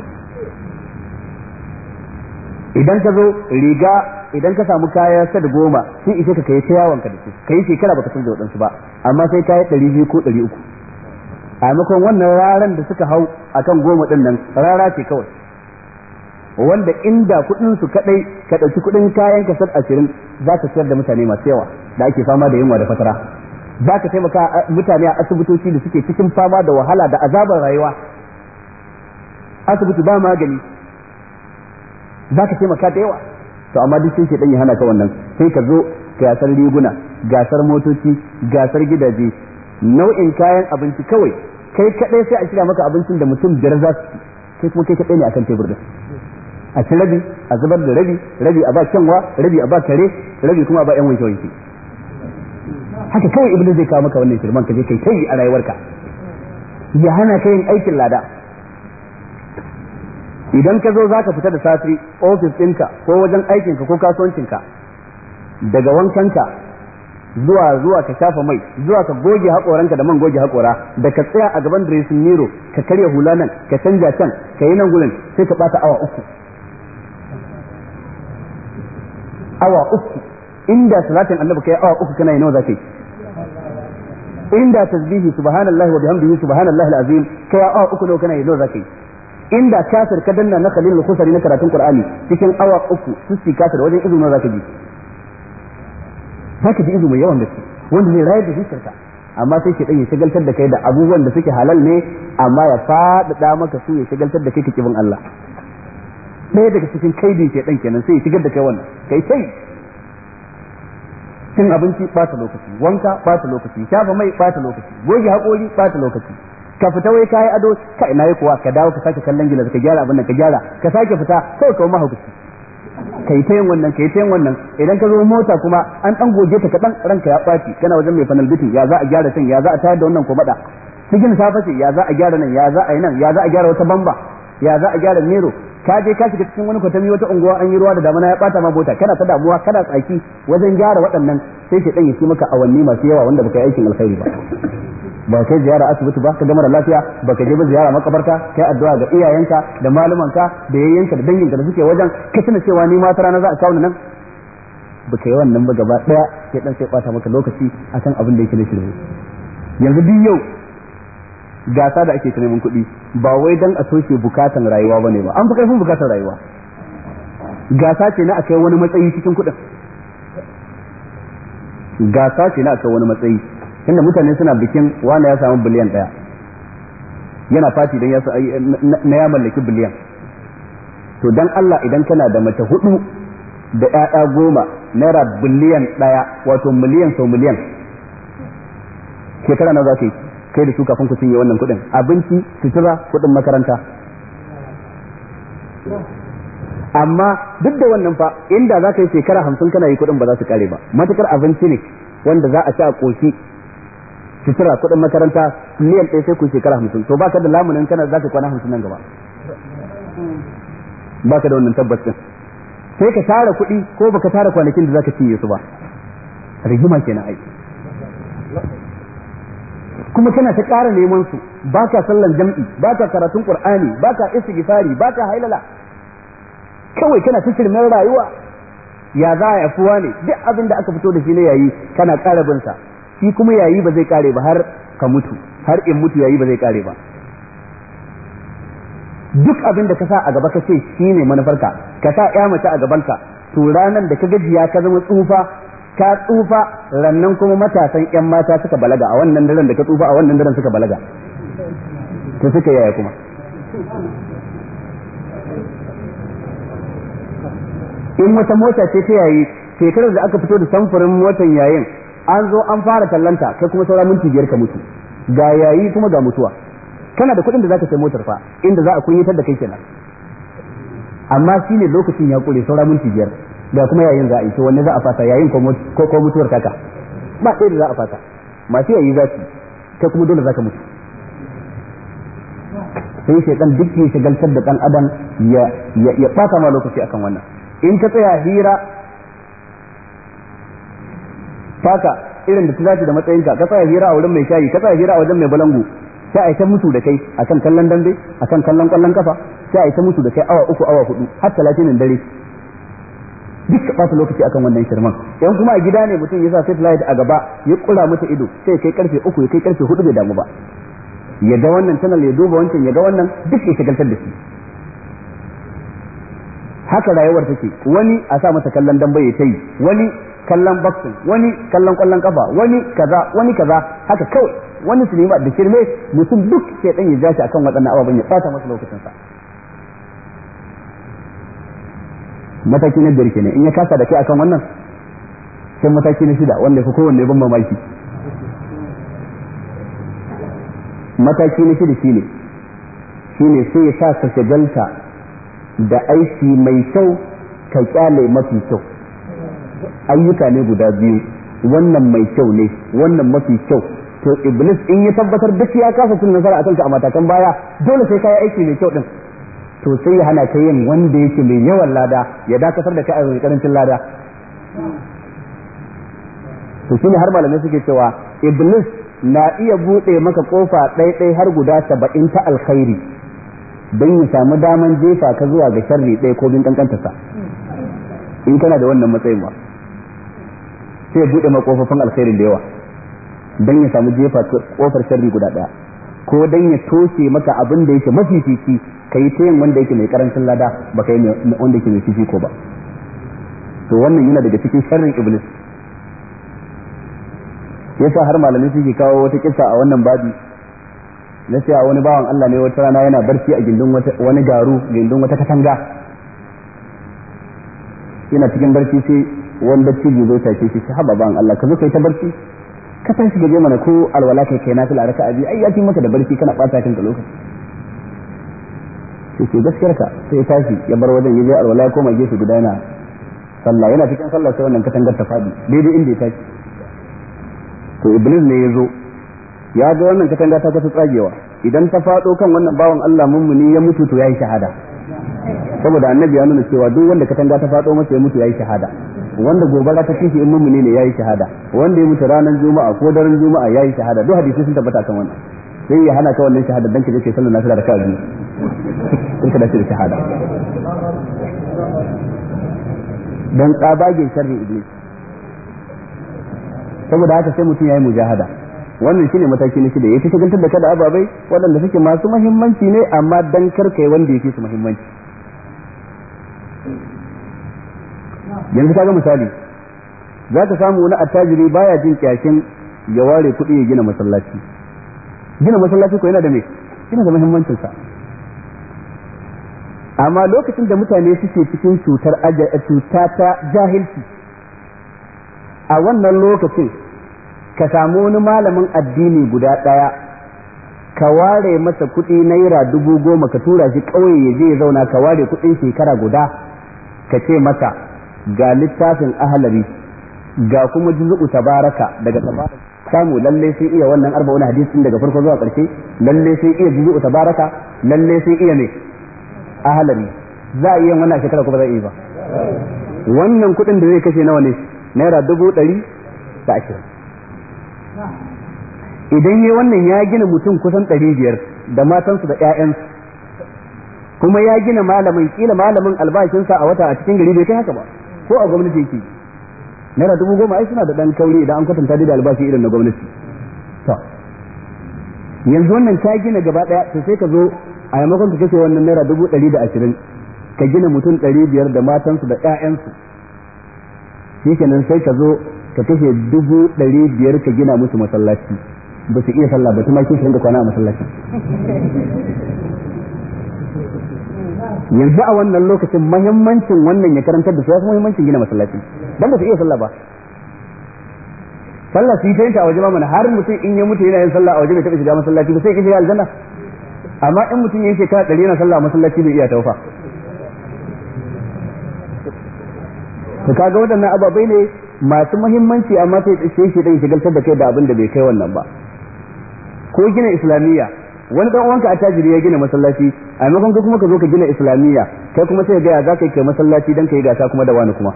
idan ka zo riga idan ka samu kaya sa da goma sai ishe ka kai ta ka da su kai shekara ka san da waɗansu ba amma sai kayi ɗari biyu ko ɗari uku a makon wannan raran da suka hau a kan goma ɗin nan rara ce kawai wanda inda kuɗin su kaɗai ka ɗauki kuɗin kayan ka sat ashirin za ka siyar da mutane masu yawa da ake fama da yunwa da fatara za ka taimaka mutane a asibitoci da suke cikin fama da wahala da azabar rayuwa asibiti ba magani za ka taimaka da yawa to amma duk sai ke ya hana ka wannan sai ka zo gasar riguna gasar motoci gasar gidaje nau'in kayan abinci kawai kai kadai sai a shirya maka abincin da mutum biyar za su kai kuma kai kadai ne akan tebur da a ci rabi a zubar da rabi rabi a ba kyanwa rabi a ba kare rabi kuma a ba yan wanke wanke haka kawai ibnu zai kawo maka wannan shirman ka je kai kai a rayuwarka ya hana ka yin aikin lada idan ka zo za ka fita da safi ofis ɗinka ko wajen aikinka ko kasuwancinka daga wankanka zuwa zuwa ka shafa mai zuwa ka goge haƙoranka da man goge haƙora da ka tsaya a gaban dressing mirror ka karya hula nan ka canja can ka yi nan gurin sai ka ɓata awa uku awa uku inda salatin annabi kai awa uku kana yi nawa zaka yi inda tasbihi subhanallahi wa bihamdihi subhanallahi alazim kai awa uku nawa kana yi nawa zaka yi inda kasar ka danna na khalil Kusari na karatun qur'ani cikin awa uku sissi kasar wajen izu na zaka ji zaka ji izu mai yawan gaske wanda zai rayar da zuciyarka amma sai shedan ya shagaltar da kai da abubuwan da suke halal ne amma ya faɗaɗa maka su ya shagaltar da kai ka kibin Allah ɗaya daga cikin kaidin shedan kenan sai ya shigar da kai wannan kai sai cin abinci ɓata lokaci wanka ɓata lokaci shafa mai ɓata lokaci goge haƙori ɓata lokaci ka fita wai kai ado kai nayi kuwa ka dawo ka sake kallon gilas ka gyara abin da ka gyara ka sake fita sai ka hukunci kai ta yin wannan kai ta yin wannan idan ka zo mota kuma an dan goge ta dan ranka ya kwaci kana wajen mai fanal bitin ya za a gyara can ya za a tayar da wannan ko bada cikin ta ce ya za a gyara nan ya za a yi nan ya za a gyara wata bamba ya za a gyara mero ka je ka shiga cikin wani kwatami wata unguwa an yi ruwa da damana ya bata ma bota kana ta damuwa kana tsaki wajen gyara waɗannan sai ke ɗan yi maka awanni masu yawa wanda baka yi aikin alkhairi ba ba kai ziyara asibiti ba ka ga mara lafiya ba ka je ba ziyara makabarta kai addu'a ga iyayenka da malumanka da yayyenka da danginka da suke wajen ka tuna cewa ni ma rana za a kawo nan ba kai wannan ba gaba daya sai dan sai bata maka lokaci akan abin da yake na shirme yanzu duk yau gasa da ake neman kuɗi ba wai dan a soke bukatan rayuwa bane ba an fi karfin bukatan rayuwa gasa ce na a kai wani matsayi cikin kuɗin gasa ce na a kai wani matsayi inda mutane suna bikin wani ya samu biliyan daya yana fati dan ya na ya mallaki biliyan to dan Allah idan kana da mace hudu da ƴaƴa goma naira biliyan daya wato miliyan sau miliyan shekara na za ka yi kai da su kafin ku cinye wannan kuɗin abinci sutura kuɗin makaranta amma duk da wannan fa inda za ka yi shekara hamsin kana yi kuɗin ba za su kare ba matukar abinci ne wanda za a ci a ƙoshi sutura kuɗin makaranta miliyan ɗaya sai ku shekara hamsin to baka da lamunin kana za ka kwana hamsin nan gaba baka da wannan tabbas sai ka tara kuɗi ko baka tara kwanakin da za ka ciye su ba rigima kenan ai kuma kana ta ƙara neman su baka sallan jam'i ka karatun qur'ani baka istighfari ka hailala kawai kana ta shirmen rayuwa ya za a yafuwa ne duk abin da aka fito da shi na yayi kana ƙara bin sa shi kuma yayi ba zai kare ba har ka mutu har in mutu yayi ba zai kare ba duk abin da ka sa a gaba ka ce shi ne manufarka ka sa ya mace a gabanka to ranar da ka gajiya ka zama tsufa ka tsufa rannan kuma matasan yan mata suka balaga a wannan daren da ka tsufa a wannan daren suka balaga to suka yaya kuma in wata mota ce ta yayi shekarar da aka fito da samfurin motan yayin an zo an fara tallanta kai kuma saura minti biyar ka mutu ga yayi kuma ga mutuwa kana da kuɗin da zaka sai motar fa inda za a kunyatar da kai kenan amma shine lokacin ya kure saura minti biyar ga kuma yayin za a yi to wanne za a fasa yayin ko ko mutuwar taka ba sai da za a fasa masu yayi za su kai kuma dole za ka mutu sai shaitan duk ya shigaltar da ɗan adam ya ya ɓata ma lokaci akan wannan in ka tsaya hira Faka irin da ta dace da matsayinka ka tsaya hira a wurin mai shayi ka tsaya hira a wajen mai balangu sai a yi ta musu da kai akan kallon dambe akan kallon kwallon kafa sai a yi ta musu da kai awa uku awa hudu har talatin dare duk ka su lokaci akan wannan shirman yan kuma a gida ne mutum ya sa light a gaba ya kula mata ido sai kai karfe uku ya kai karfe hudu bai damu ba ya ga wannan channel ya duba wancan ya ga wannan duk ya shagaltar da shi haka rayuwar take wani a sa masa kallon dambe ya yi wani kallon boxing wani kallon kwallon kafa wani kaza wani kaza haka kawai wani sinima da kirme mutum duk sai dan ya jashi akan waɗannan ababen ya fata masa lokacin sa mataki na biyar kenan in ya kasa da kai akan wannan sai mataki na shida wanda ya fi kowanne ban mamaki mataki na shida shine shine sai ya sa ka da aiki mai kyau ka kyale mafi kyau ayyuka ne guda biyu wannan mai kyau ne wannan mafi kyau to iblis in ya tabbatar duk ya kasa cin nasara a ka a matakan baya dole sai kai aiki mai kyau din to sai hana ka yin wanda yake mai yawan lada ya dakatar da kai a karancin lada to shine har malamai suke cewa iblis na iya buɗe maka kofa ɗaiɗai har guda saba'in ta alkhairi don ya samu daman jefa ka zuwa ga sharri ɗaya ko bin kankantarsa in kana da wannan matsayin ba sai ya bude makofofin alkhairin da yawa dan ya samu jefa kofar sharri guda ɗaya ko dan ya toshe maka abin da yake fifi kai ta yin wanda yake mai karancin lada ba yi wanda yake mai fifiko ba to wannan yana daga cikin sharrin iblis yasa har malamai suke kawo wata kissa a wannan babi na cewa wani bawan Allah ne wata rana yana barci a gindin wani garu gindin wata katanga yana cikin barci sai wanda ciji zai tashe shi haba ban Allah ka zo kai ta barci ka tashi gaje mana ko alwala kai kai nafila raka abi ai yafi maka da barci kana bata kanka lokaci sai ce gaskiyar ka sai tashi ya bar wajen yaje alwala ya koma gefe guda yana sallah yana cikin sallah sai wannan katangar ta fadi daidai inda ya tashi to iblis ne ya zo ya ga wannan katanga ta kasa tsagewa idan ta fado kan wannan bawan Allah mummuni ya mutu to yayi shahada saboda annabi ya nuna cewa duk wanda katanga ta fado masa ya mutu yayi shahada wanda gobara ta kishi in imamu ne yayi shahada wanda ya mutu ranar juma'a ko daren juma'a yayi shahada duk hadisi sun tabbata kan wannan sai ya hana ka wannan shahada dan kaje kai sallar nafila da ka ji in ka dace da shahada dan tsabagen sharri iblis saboda haka sai mutum yayi mujahada wannan shine mataki na shida yafi shagaltar da kada ababai waɗanda suke masu muhimmanci ne amma dan karkai wanda yake su muhimmanci yanzu kaga misali za ka samu wani attajiri baya jin kyashin ya ware kuɗi ya gina masallaci gina masallaci ko yana da me yana da muhimmancin sa amma lokacin da mutane suke cikin cutar cuta ta jahilci a wannan lokacin ka samu wani malamin addini guda ɗaya ka ware masa kuɗi naira dubu goma ka tura shi ƙauye ya je ya zauna ka ware kuɗin shekara guda ka ce masa ga littafin ahalari ga kuma juzu'u tabaraka daga tabaraka samu lalle sai iya wannan wani hadisin daga farko zuwa ƙarshe lalle sai iya juzu'u tabaraka lalle sai iya ne ahalari za a yi wannan shekara kuma za a yi ba wannan kuɗin da zai kashe nawa ne naira dubu ɗari da ashirin idan yi wannan ya gina mutum kusan ɗari biyar da matansu da 'ya'yansu kuma ya gina malamin kila malamin albashinsa a wata a cikin gari bai kai haka ba ko a gwamnati yake naira dubu goma ai suna da dan kauri idan an kwatanta da albashi irin na gwamnati to yanzu wannan ta gina gaba daya to sai ka zo a yamakon ka kashe wannan naira dubu dari da ashirin ka gina mutum dari biyar da matansu da ƴaƴansu shi kenan sai ka zo ka kashe dubu dari biyar ka gina musu masallaci ba su iya sallah ba su ma kishin da kwana a masallaci yanzu a wannan lokacin muhimmancin wannan ya karantar da su ya muhimmancin gina masallaci dan ba su iya sallah ba sallah su yi ta yin ta a waje ba mana har mutum in ya mutu yana yin sallah a waje bai taɓa shiga masallaci ba sai ya shiga aljanna amma in mutum ya shekara ɗari yana sallah a masallaci bai iya taufa ka kaga waɗannan ababai ne masu muhimmanci amma sai shi shi dan shigar da kai da abin da bai kai wannan ba ko gina islamiyya wani dan uwanka a tajiri ya gina masallaci a maimakon ka kuma ka zo ka gina islamiyya kai kuma sai ga ya zaka kai masallaci dan kai gasa kuma da wani kuma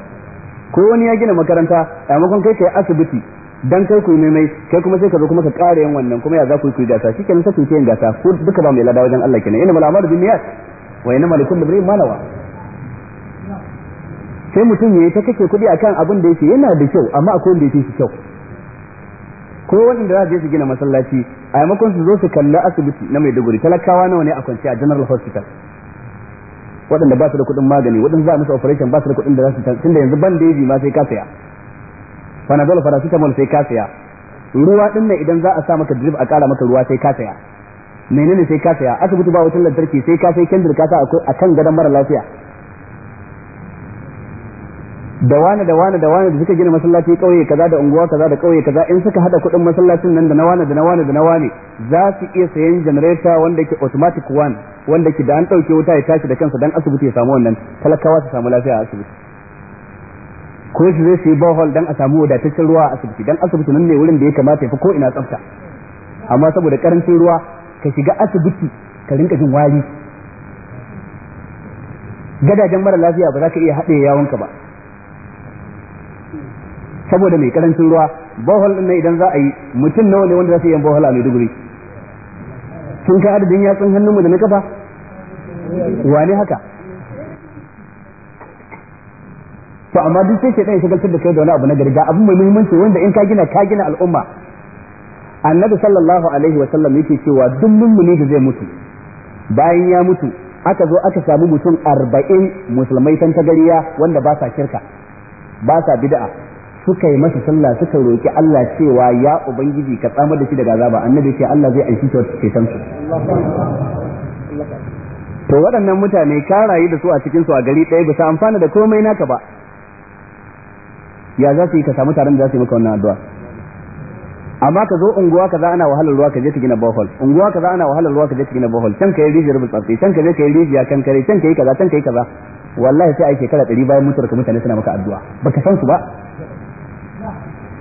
ko wani ya gina makaranta a maimakon kai kai asibiti dan kai ku mai kai kuma sai ka zo kuma ka kare yan wannan kuma ya za ku yi gasa shikenan sai ku yi gasa ko duka ba mai lada wajen Allah kenan inna mal'amalu bin wa inna malikul limri malawa sai mutum yayi ta kake kudi akan abin da yake yana da kyau amma akwai wanda yake shi kyau ko wanda za su je su gina masallaci a maimakon su zo su kalli asibiti na Maiduguri talakawa nawa ne a kwance a General Hospital waɗanda ba su da kuɗin magani waɗanda za a musu operation ba su da kuɗin da za su tun da yanzu bandeji ma sai ka saya panadol paracetamol sai ka saya ruwa din nan idan za a sa maka drip a kara maka ruwa sai ka saya menene sai ka saya asibiti ba wutar lantarki sai ka sai kendir ka sa a kan gadon mara lafiya da wane da wane da wane da suka gina masallaci kauye kaza da unguwa kaza da kauye kaza in suka hada kuɗin masallacin nan da na wane da na wane da na wane za su iya sayan janareta wanda ke automatic one wanda ke da an ɗauke wuta ya tashi da kansa dan asibiti ya samu wannan talakawa su samu lafiya a asibiti ko su zai sayi bohol dan a samu wadataccen ruwa a asibiti dan asibiti nan ne wurin da ya kamata ya fi ko ina tsafta amma saboda karancin ruwa ka shiga asibiti ka rinka jin wari gadajen mara lafiya ba za ka iya haɗe yawonka ba saboda mai karancin ruwa bohol din idan za a yi mutum nawa ne wanda za su yi bohol a Maiduguri sun ka adadin yatsun hannunmu da na kafa wane haka to amma duk sai shedan ya shagaltar da kai da wani abu na garga abu mai muhimmanci wanda in ka gina ka gina al'umma annabi sallallahu alaihi wa sallam yake cewa duk mummuni da zai mutu bayan ya mutu aka zo aka samu mutum arba'in musulmai tantagariya wanda ba sa shirka ba sa bid'a suka yi masa sallah suka roki Allah cewa ya ubangiji ka tsamar da shi daga azaba annabi ce Allah zai aiki ta ceton su to waɗannan mutane ka rayu da su a cikin su a gari ɗaya ba su amfana da komai naka ba ya za su yi ka samu taron da za su yi maka wannan addu'a amma ka zo unguwa kaza ana wahalar ruwa ka je ka gina bohol unguwa kaza ana wahalar ruwa ka je ka gina bohol can ka yi rijiyar butsatsi can ka je ka yi rijiya kan kare can ka yi kaza can ka yi kaza wallahi sai a shekara ɗari bayan mutuwar ka mutane suna maka addu'a baka san su ba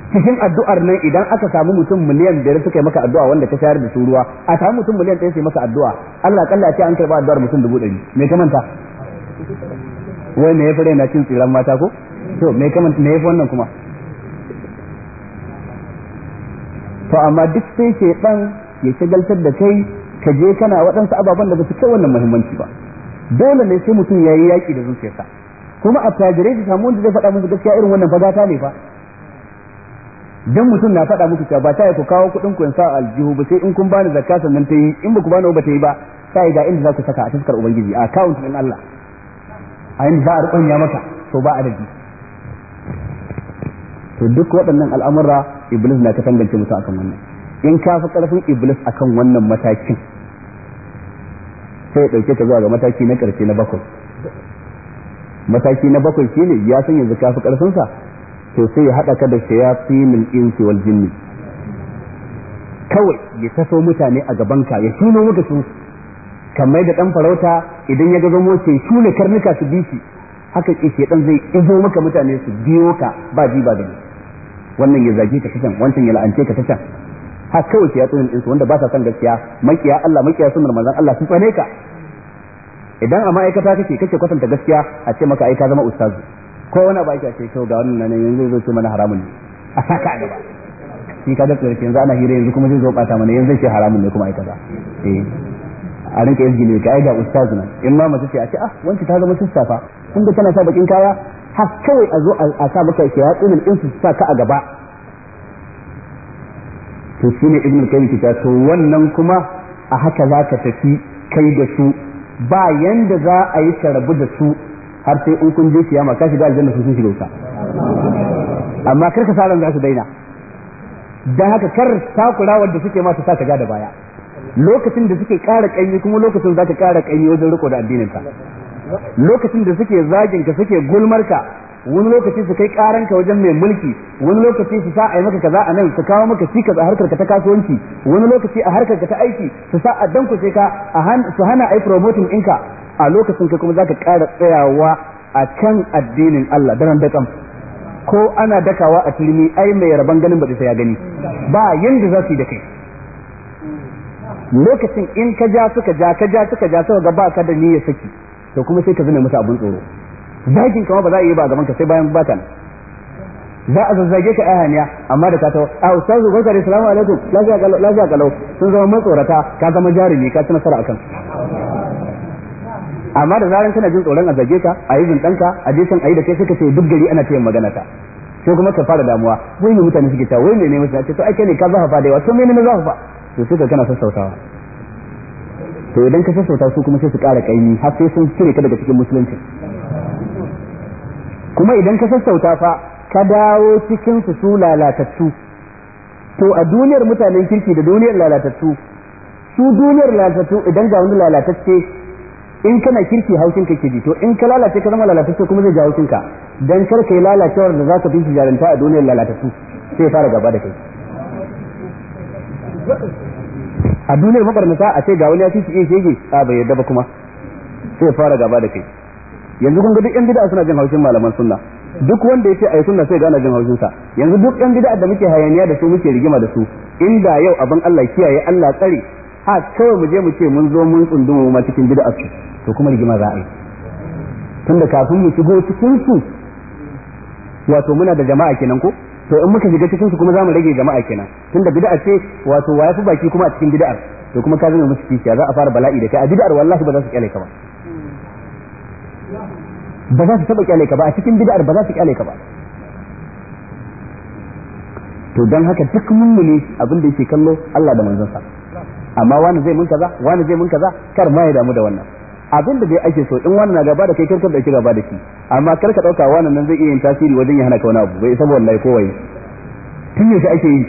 cikin addu'ar nan idan aka samu mutum miliyan biyar suka yi maka addu'a wanda ka shayar da su ruwa a samu mutum miliyan ɗaya su yi maka addu'a Allah kalla ce an karɓa addu'ar mutum dubu ɗari me ka manta wai me ya fi raina cin tsiran mata ko to me ka manta me ya fi wannan kuma to amma duk sai ke dan ya shagaltar da kai ka je kana waɗansu ababen da ba su kai wannan muhimmanci ba dole ne sai mutum ya yi yaƙi da zuciyarsa kuma a tajirai su samu wanda zai faɗa musu gaskiya irin wannan fa gata ne fa dan mutum na faɗa muku cewa ba ta yi ku kawo kuɗin ku sa aljihu ba sai in kun bani zakka sannan ta yi in ba ku bani ba ta yi ba sai ga inda za ku saka a taskar ubangiji a account din Allah a inda za a rubanya maka to ba adadi to duk waɗannan al'amura iblis na ta tangance musu akan wannan in ka fi karfin iblis akan wannan matakin sai ya dauke ka zuwa ga mataki na ƙarshe na bakwai mataki na bakwai shine ya san yanzu ka fi karfin sa to sai ya hada ka da min insi wal jinni kawai ya taso mutane a gabanka ya tuno muka su kamar da dan farauta idan ya ga zamo sai shune karnuka su bi shi haka ke dan zai izo maka mutane su biyo ka ba ji ba gani wannan ya zage ka kasan wancan ya la'ance ka kasan ha kawai ya tuno insu wanda ba sa son gaskiya makiya Allah makiya sunnar manzon Allah su tsane ka idan a ma'aikata kake kake kwatanta gaskiya a ce maka ai ka zama ustazu ko wani ba ake ce ga wannan nan yanzu zai ce mana haramun ne a saka a gaba shi kaga tsarki yanzu ana hira yanzu kuma zai zo bata mana yanzu ce haramun ne kuma ai kaza eh a rinka yanzu ne ka ai ga ustaz nan in ma mace ce a ce ah wanki ta zama sista fa kun ga tana sa bakin kaya har kawai a zo a sa maka shayatin din su sa ka a gaba to ne ibnu kai kita to wannan kuma a haka za ka tafi kai da su ba yanda za a yi ka rabu da su har sai in kun je kiyama ka shiga aljanna sun shiga wuta amma kar ka saran za su daina dan haka kar takura wanda suke ma su sa ga da baya lokacin da suke ƙara kanyi kuma lokacin za ka ƙara ƙanyi wajen riko da addinin ka lokacin da suke zagin ka suke gulmar ka wani lokaci su kai ƙaran ka wajen mai mulki wani lokaci su sa a yi maka kaza a nan su kawo maka cikas a harkar ka ta kasuwanci wani lokaci a harkar ka ta aiki su sa a sai ka su hana a yi promoting ɗinka a lokacin kai kuma zaka ƙara tsayawa a kan addinin Allah daren daƙam ko ana dakawa a turmi ai mai rabon ganin baɗi sai ya gani ba yanda za su yi da kai lokacin in ka ja suka ja ka ja suka ja suka ga ba ka da niyyar saki to kuma sai ka zina musu abin tsoro zagin kama ba za a yi ba gaban ka sai bayan ba za a zazzage ka ayaniya amma da ka tawo a ah, ustazu barka da salamu alaikum lafiya kalau sun zama matsorata ka zama jarumi ka ci nasara akan amma da zaran kana jin tsoron a zage ka a yi danka a je can a yi da kai suka ce duk gari ana tayin magana ta sai kuma ka fara damuwa wai ne mutane suke ta wai ne ne mutane ce to ai kai ne ka zafafa da yawa to me ne zafafa to suka kana sassautawa to idan ka sassauta su kuma sai su ƙara kaimi har sai sun cire ka daga cikin musulunci kuma idan ka sassauta fa ka dawo cikin su su lalatattu to a duniyar mutanen kirki da duniyar lalatattu su duniyar lalatattu idan ga wani lalatacce in kana kirki haushin ka ke jito to in ka lalace ka zama lalatacce kuma zai jawo ka dan kar kai lalacewar da zaka bi jaranta a duniyar lalatattu sai fara gaba da kai a duniyar mabarnata a ce ga wani ya ci iya shege a bai yarda ba kuma sai fara gaba da kai yanzu kun ga duk yan bid'a suna jin haushin malaman sunna duk wanda yace ai sunna sai gana jin haushin sa yanzu duk yan bid'a da muke hayaniya da su muke rigima da su inda yau abin Allah kiyaye Allah tsare ha kawai mu je mu ce mun zo mun tsunduma ma cikin bid'a ce to kuma rigima za a yi tunda kafin mu shigo cikin su wato muna da jama'a kenan ko to in muka shiga cikin su kuma za mu rage jama'a kenan tunda bid'a ce wato wa fi baki kuma a cikin bid'ar to kuma ka zama musu kishiya za a fara bala'i da kai a bid'ar wallahi ba za su kyale ka ba ba za su taba kyale ka ba a cikin bid'ar ba za su kyale ka ba to dan haka duk mummuni abin da yake kallo Allah da manzon sa amma wani zai mun kaza wani zai mun kaza kar ma ya damu da wannan abin da dai ake so in wannan na gaba da kai kar da shi gaba da shi amma kar ka dauka wannan nan zai iya yin tasiri wajen ya hana ka wani abu bai saboda wallahi ko waye tun shi ake yi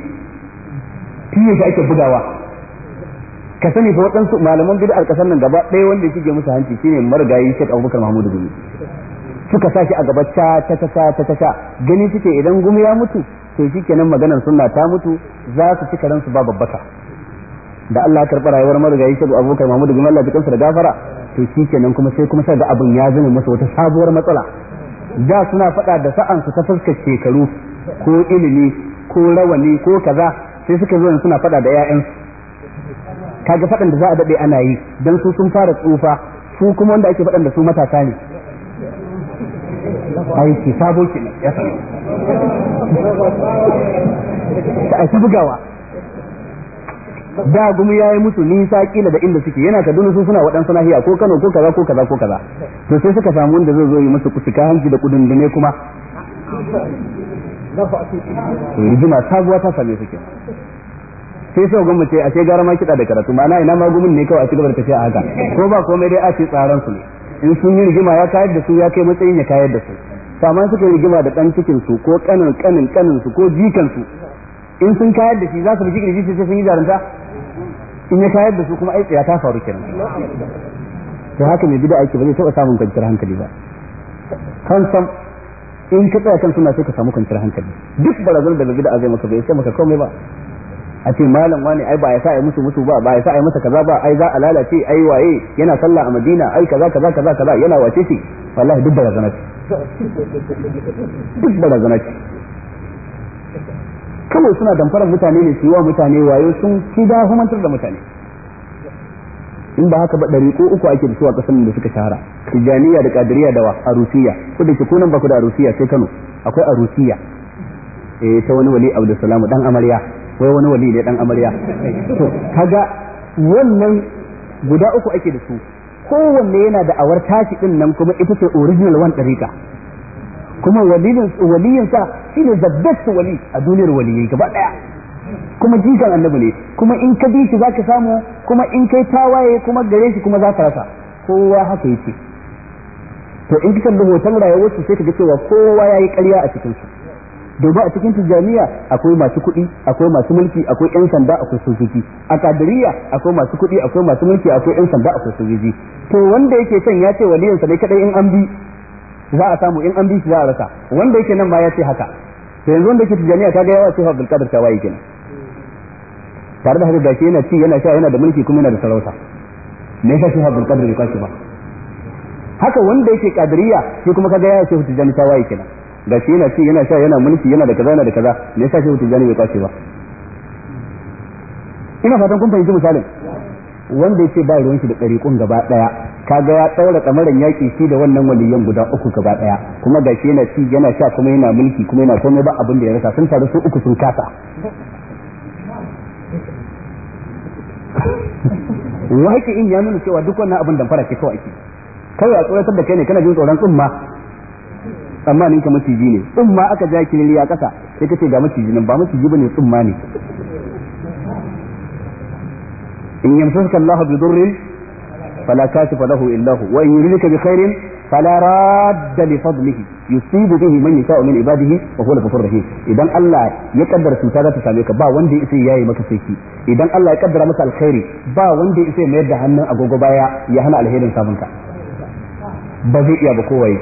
tun shi ake bugawa ka sani fa waɗansu malaman bid'ar alƙasar nan gaba ɗaya wanda ya shige musu hanci shine marigayi Sheikh Abubakar Mahmud Gumi suka sa shi a gaba ta ta ta ta ta gani suke idan gumi ya mutu to shikenan maganar sunna ta mutu za su ci karansu ba babbaka da Allah karɓa rayuwar marigayi shi abokai Muhammadu bin Allah cikin da gafara to shi kenan kuma sai kuma sai da abin ya zama masa wata sabuwar matsala da suna faɗa da sa'an su ta fuskar shekaru ko ilimi ko rawani ko kaza sai suka zo suna faɗa da ƴaƴan kaga faɗan da za a daɗe ana yi dan su sun fara tsufa su kuma wanda ake faɗan da su matasa ne aiki sabo kenan ya ta aiki bugawa da gumi ya yi musu nisa kila da inda suke yana Kaduna sun suna waɗansu nahiya ko Kano ko kaza ko kaza ko kaza to sai suka samu wanda zai zo yi musu kusuka hanci da kudundune kuma rigima sabuwa ta same suke sai sau gwamma ce ashe gara ma kiɗa da karatu ma'ana ina ma gumin ne kawai a cigaba da tafiya a haka ko ba komai dai a ce tsaron su ne in sun yi rigima ya kayar da su ya kai matsayin ya kayar da su sama suka yi rigima da ɗan cikin su ko kanin kanin kanin su ko jikan su in sun kayar da shi za su bi shi sai sun yi jarunta in ya shayar da su kuma ai tsaya ta faru kenan to haka mai bid'a aiki ba zai taba samun kwanciyar hankali ba kan sam in ka tsaya kan suna sai ka samu kwanciyar hankali duk barazan da bid'a zai maka bai sai maka komai ba a ce malam wani ai ba ya sa ai musu musu ba ba ya sa ai masa kaza ba ai za a lalace ai waye yana sallah a Madina ai kaza kaza kaza kaza yana wace ce wallahi duk barazana duk barazana kawai suna damfarar mutane ne su yi wa mutane wayo sun fi dahumantar da mutane in ba haka ba ɗari ko uku ake da su a ƙasar da suka shahara tijjaniya da kadiriya da arusiya ko da ke kunan ba ku da arusiya sai kano akwai arusiya eh ta wani wali abdulsalam dan amarya wai wani wali ne dan amarya to kaga wannan guda uku ake da su kowanne yana da awar tashi din nan kuma ita ce original one ɗarika kuma waliyinsa shi ne the best wali a duniyar waliyai gaba daya kuma jikan annabi ne kuma in ka bi shi za ka samu kuma in kai tawaye kuma gare shi kuma za ka rasa kowa haka yake to in kika da hoton rayuwarsu sai ka ga cewa kowa ya yi karya a cikinsu domin a cikin tijjaniya akwai masu kuɗi akwai masu mulki akwai yan sanda akwai sojoji a kadiriya akwai masu kuɗi akwai masu mulki akwai yan sanda akwai sojoji to wanda yake son ya ce waliyansa ne kadai in an bi za a samu in an bi shi za a rasa wanda yake nan ma ya ce haka to yanzu wanda yake tijaniya kaga yawa ce Abdul Qadir Tawayi kenan tare da haka gashi yana ci yana sha yana da mulki kuma yana da sarauta me yasa shi Abdul Qadir bai kwashi ba haka wanda yake kadiriya shi kuma kaga yawa ce tijani Tawayi kenan gashi yana ci yana sha yana mulki yana da kaza yana da kaza me yasa shi tijani bai kwashi ba ina fatan kun fahimci misalin wanda yake ba ruwanki da ɗariƙun gaba ɗaya kaga ya tsaura tsamarin yaƙi shi da wannan waliyan guda uku gaba ɗaya kuma gashi yana ci yana sha kuma yana mulki kuma yana komai ba abin da ya rasa sun taru su uku sun kasa waƙi in ya nuna cewa duk wannan abin damfara ke kawai ake kawai a tsoratar da kai ne kana jin tsoron tsumma amma ninka maciji ne tsumma aka ja ki ne a ƙasa sai ka ce ga maciji nan ba maciji bane tsumma ne in yamsaka Allahu bi dhurrin fala kashifa lahu illahu. hu wa in yuridka bi khairin fala radda li ya yusibu bihi man yasha'u min ibadihi wa huwa al idan Allah ya kaddara cuta za ta same ka ba wanda ya yi maka saki idan Allah ya kaddara maka alkhairi ba wanda ya isa mayar da hannun agogo baya ya hana alherin sabunka ba zai iya ba kowaye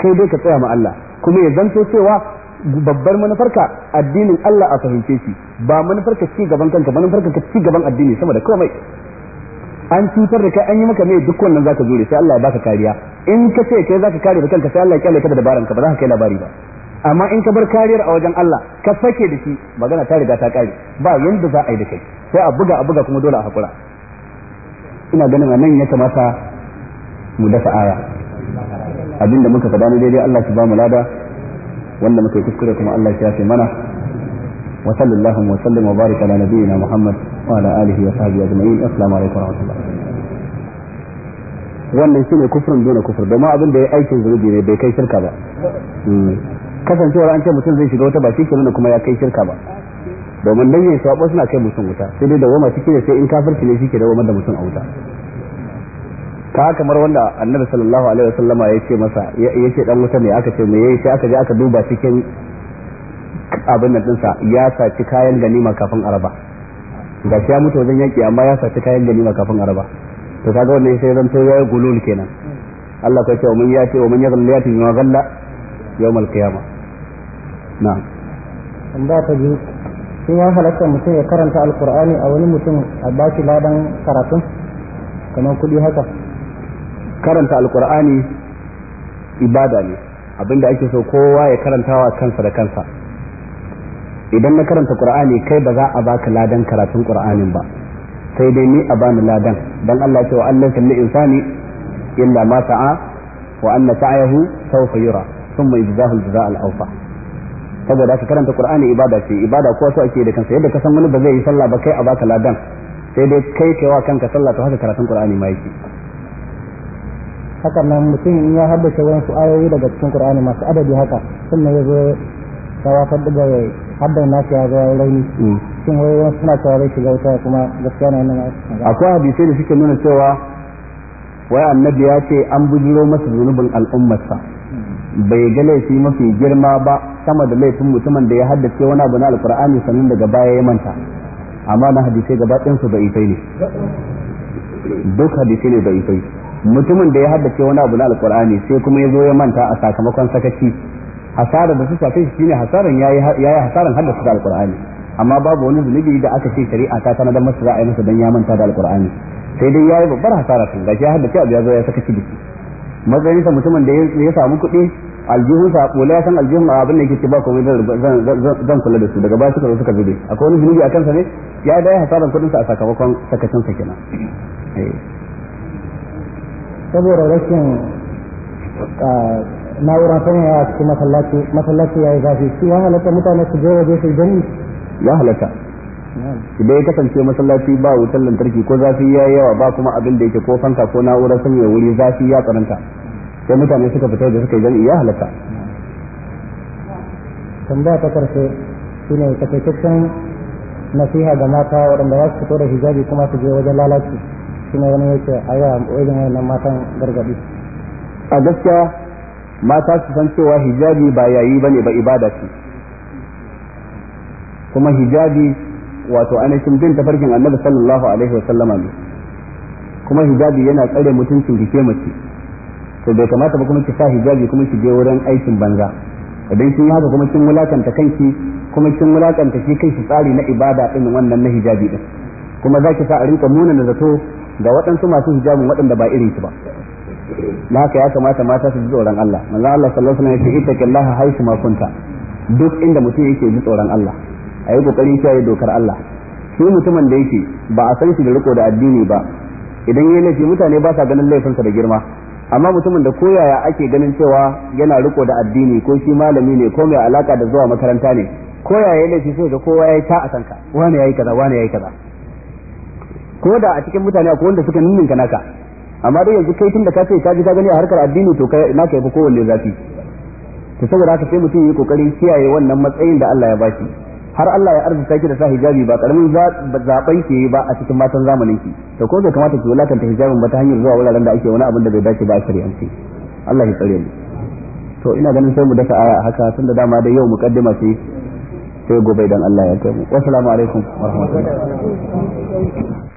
kai dai ka tsaya ma Allah kuma ya zanto cewa babbar manufarka addinin Allah a fahimce shi ba manufar ka ci gaban kanka manufar ka ci gaban addini sama da komai an cutar da kai an yi maka mai duk wannan zaka zure sai Allah ya baka kariya in ka ce kai zaka kare da kanka sai Allah ya kyale ka da dabaran ka ba za ka kai labari ba amma in ka bar kariyar a wajen Allah ka fake da shi magana ta riga ta kare ba yanda za a yi da kai sai a buga a buga kuma dole a hakura ina ganin anan ya kamata mu dafa aya abinda muka faɗa ne daidai Allah ki ba mu lada wanda muka kuskure kuma Allah ya shafe mana wa sallallahu wa sallam wa barika ala nabiyyina Muhammad wa ala alihi wa sahbihi ajma'in assalamu alaikum wa rahmatullah wannan shine kufrin dole kufur domin abin da ya aikin zunubi ne bai kai shirka ba hmm. kasancewar an ce mutum zai shiga wata ba shi kenan kuma ya kai shirka ba domin dan yayin sabo suna kai mutum wuta sai dai da wama ne sai in kafirci ne shi ke da wama da mutum a wuta ka kamar wanda annabi sallallahu alaihi wasallama ya ce masa ya ce dan wuta ne aka ce me yayi sai aka je aka duba cikin abin nan dinsa ya saci kayan ganima kafin araba ga ya mutu wajen yaki amma ya saci kayan ganima kafin araba to kaga wannan sai zan to yayi gulul kenan Allah ka ce mun ya ce mun ya zalla ya tin ma zalla yawmal qiyama na'am ba ta biyu sai ya halatta mutum ya karanta alqur'ani a wani mutum a baki ladan karatun kamar kuɗi haka karanta alkur'ani ibada ne abinda ake so kowa ya karantawa kansa da kansa idan na karanta qur'ani kai ba za a baka ladan karatun qur'anin ba sai dai ni a bani ladan dan Allah ya ce wa annaka lil insani illa ma sa'a wa anna sa'ahu sawfa yura thumma yujzahu al-jazaa al-awfa saboda ka karanta qur'ani ibada ce ibada ko so ake da kansa yadda ka san wani ba zai yi sallah ba kai a baka ladan sai dai kai kai wa kanka sallah to haka karatun qur'ani ma yake haka nan mutum in ya haddace su ayoyi daga cikin Qur'ani masu adadi haka sannan ya zo tawafar daga haddar nasu ya zo raini hmm. sun wai wasu suna cewa shiga wuta kuma gaskiya na nan akwai hadisai da suke nuna cewa wai annabi ya ce an bujiro masa zunubin al'ummarsa bai ga laifi mafi girma ba sama da laifin mutumin da ya haddace wani abu na alkur'ani sannan daga baya ya manta amma na hadisai gaba ɗinsu da ifai ne duk hadisai ne da ifai mutumin da ya haddace wani abu na alkur'ani sai kuma ya zo ya manta a sakamakon sakaci hasara da su shafe shi shine hasaran yayi yi hasaran haddace da alkur'ani amma babu wani zunubi da aka ce shari'a ta sanar da masa za a yi masa dan ya manta da alkur'ani sai dai yayi babbar hasara tun gashi ya haddace abu ya zo ya sakaci da shi matsayin sa mutumin da ya samu kuɗi aljihun sa kola ya san aljihun abin da yake ce ba komai zan kula da su daga ba suka zo suka zube akwai wani zunubi a kansa ne ya dai hasaran kuɗin sa a sakamakon sakacin sa kenan eh. saboda rashin na'ura ta yawa cikin masallaci masallaci ya yi zafi shi ya halatta mutane su je waje su gani ya halatta idan ya kasance masallaci ba wutar lantarki ko zafi ya yi yawa ba kuma abin da yake ko fanka ko na'urar sanya wuri zafi ya karanta sai mutane suka fita da suka yi jami'i ya halatta tambaya ta karshe shine takaitaccen nasiha ga mata waɗanda za su fito da hijabi kuma su je wajen lalaci shi ne wani yake a yawa wajen wayannan matan gargadi a gaskiya mata su san cewa hijabi ba yayi bane ba ibada ce kuma hijabi wato ainihin bin tafarkin annabi sallallahu alaihi wa sallama ne kuma hijabi yana tsare mutuncin dike mace to bai kamata ba kuma ki sa hijabi kuma ki je wurin aikin banza idan kin haka kuma kin wulakanta kanki kuma kin mulakanta shi kanki tsari na ibada din wannan na hijabi din kuma zaki sa a rinka nuna da zato ga waɗansu masu hijabin waɗanda ba irin su ba na haka ya kamata mata su ji tsoron Allah manzo Allah sallallahu alaihi wasallam ya ce ittaqillaha haythu ma kunta duk inda mutum yake ji tsoron Allah ayi kokari kiyaye dokar Allah shi mutumin da yake ba a san shi da riko da addini ba idan yayi laifi mutane ba sa ganin laifinsa da girma amma mutumin da koyaya ake ganin cewa yana riko da addini ko shi malami ne ko mai alaka da zuwa makaranta ne koyaya laifi sai da kowa yayi ta a kanka wani yayi kaza wani yayi kaza ko da a cikin mutane akwai wanda suka ninninka naka amma dai yanzu kai tunda ka ce ka ji ka gani a harkar addini to kai naka yafi kowanne zafi to saboda haka sai mutum yi kokarin kiyaye wannan matsayin da Allah ya bashi har Allah ya arzuta ki da sa hijabi ba karamin zaben ba a cikin matan zamanin ki to ko bai kamata ki wulakanta hijabin ba ta hanyar zuwa wuraren da ake wani abin da bai dace ba a shari'ance Allah ya tsare mu to ina ganin sai mu dasa aya haka tunda dama da yau mukaddima ce sai gobe dan Allah ya kai mu assalamu alaikum warahmatullahi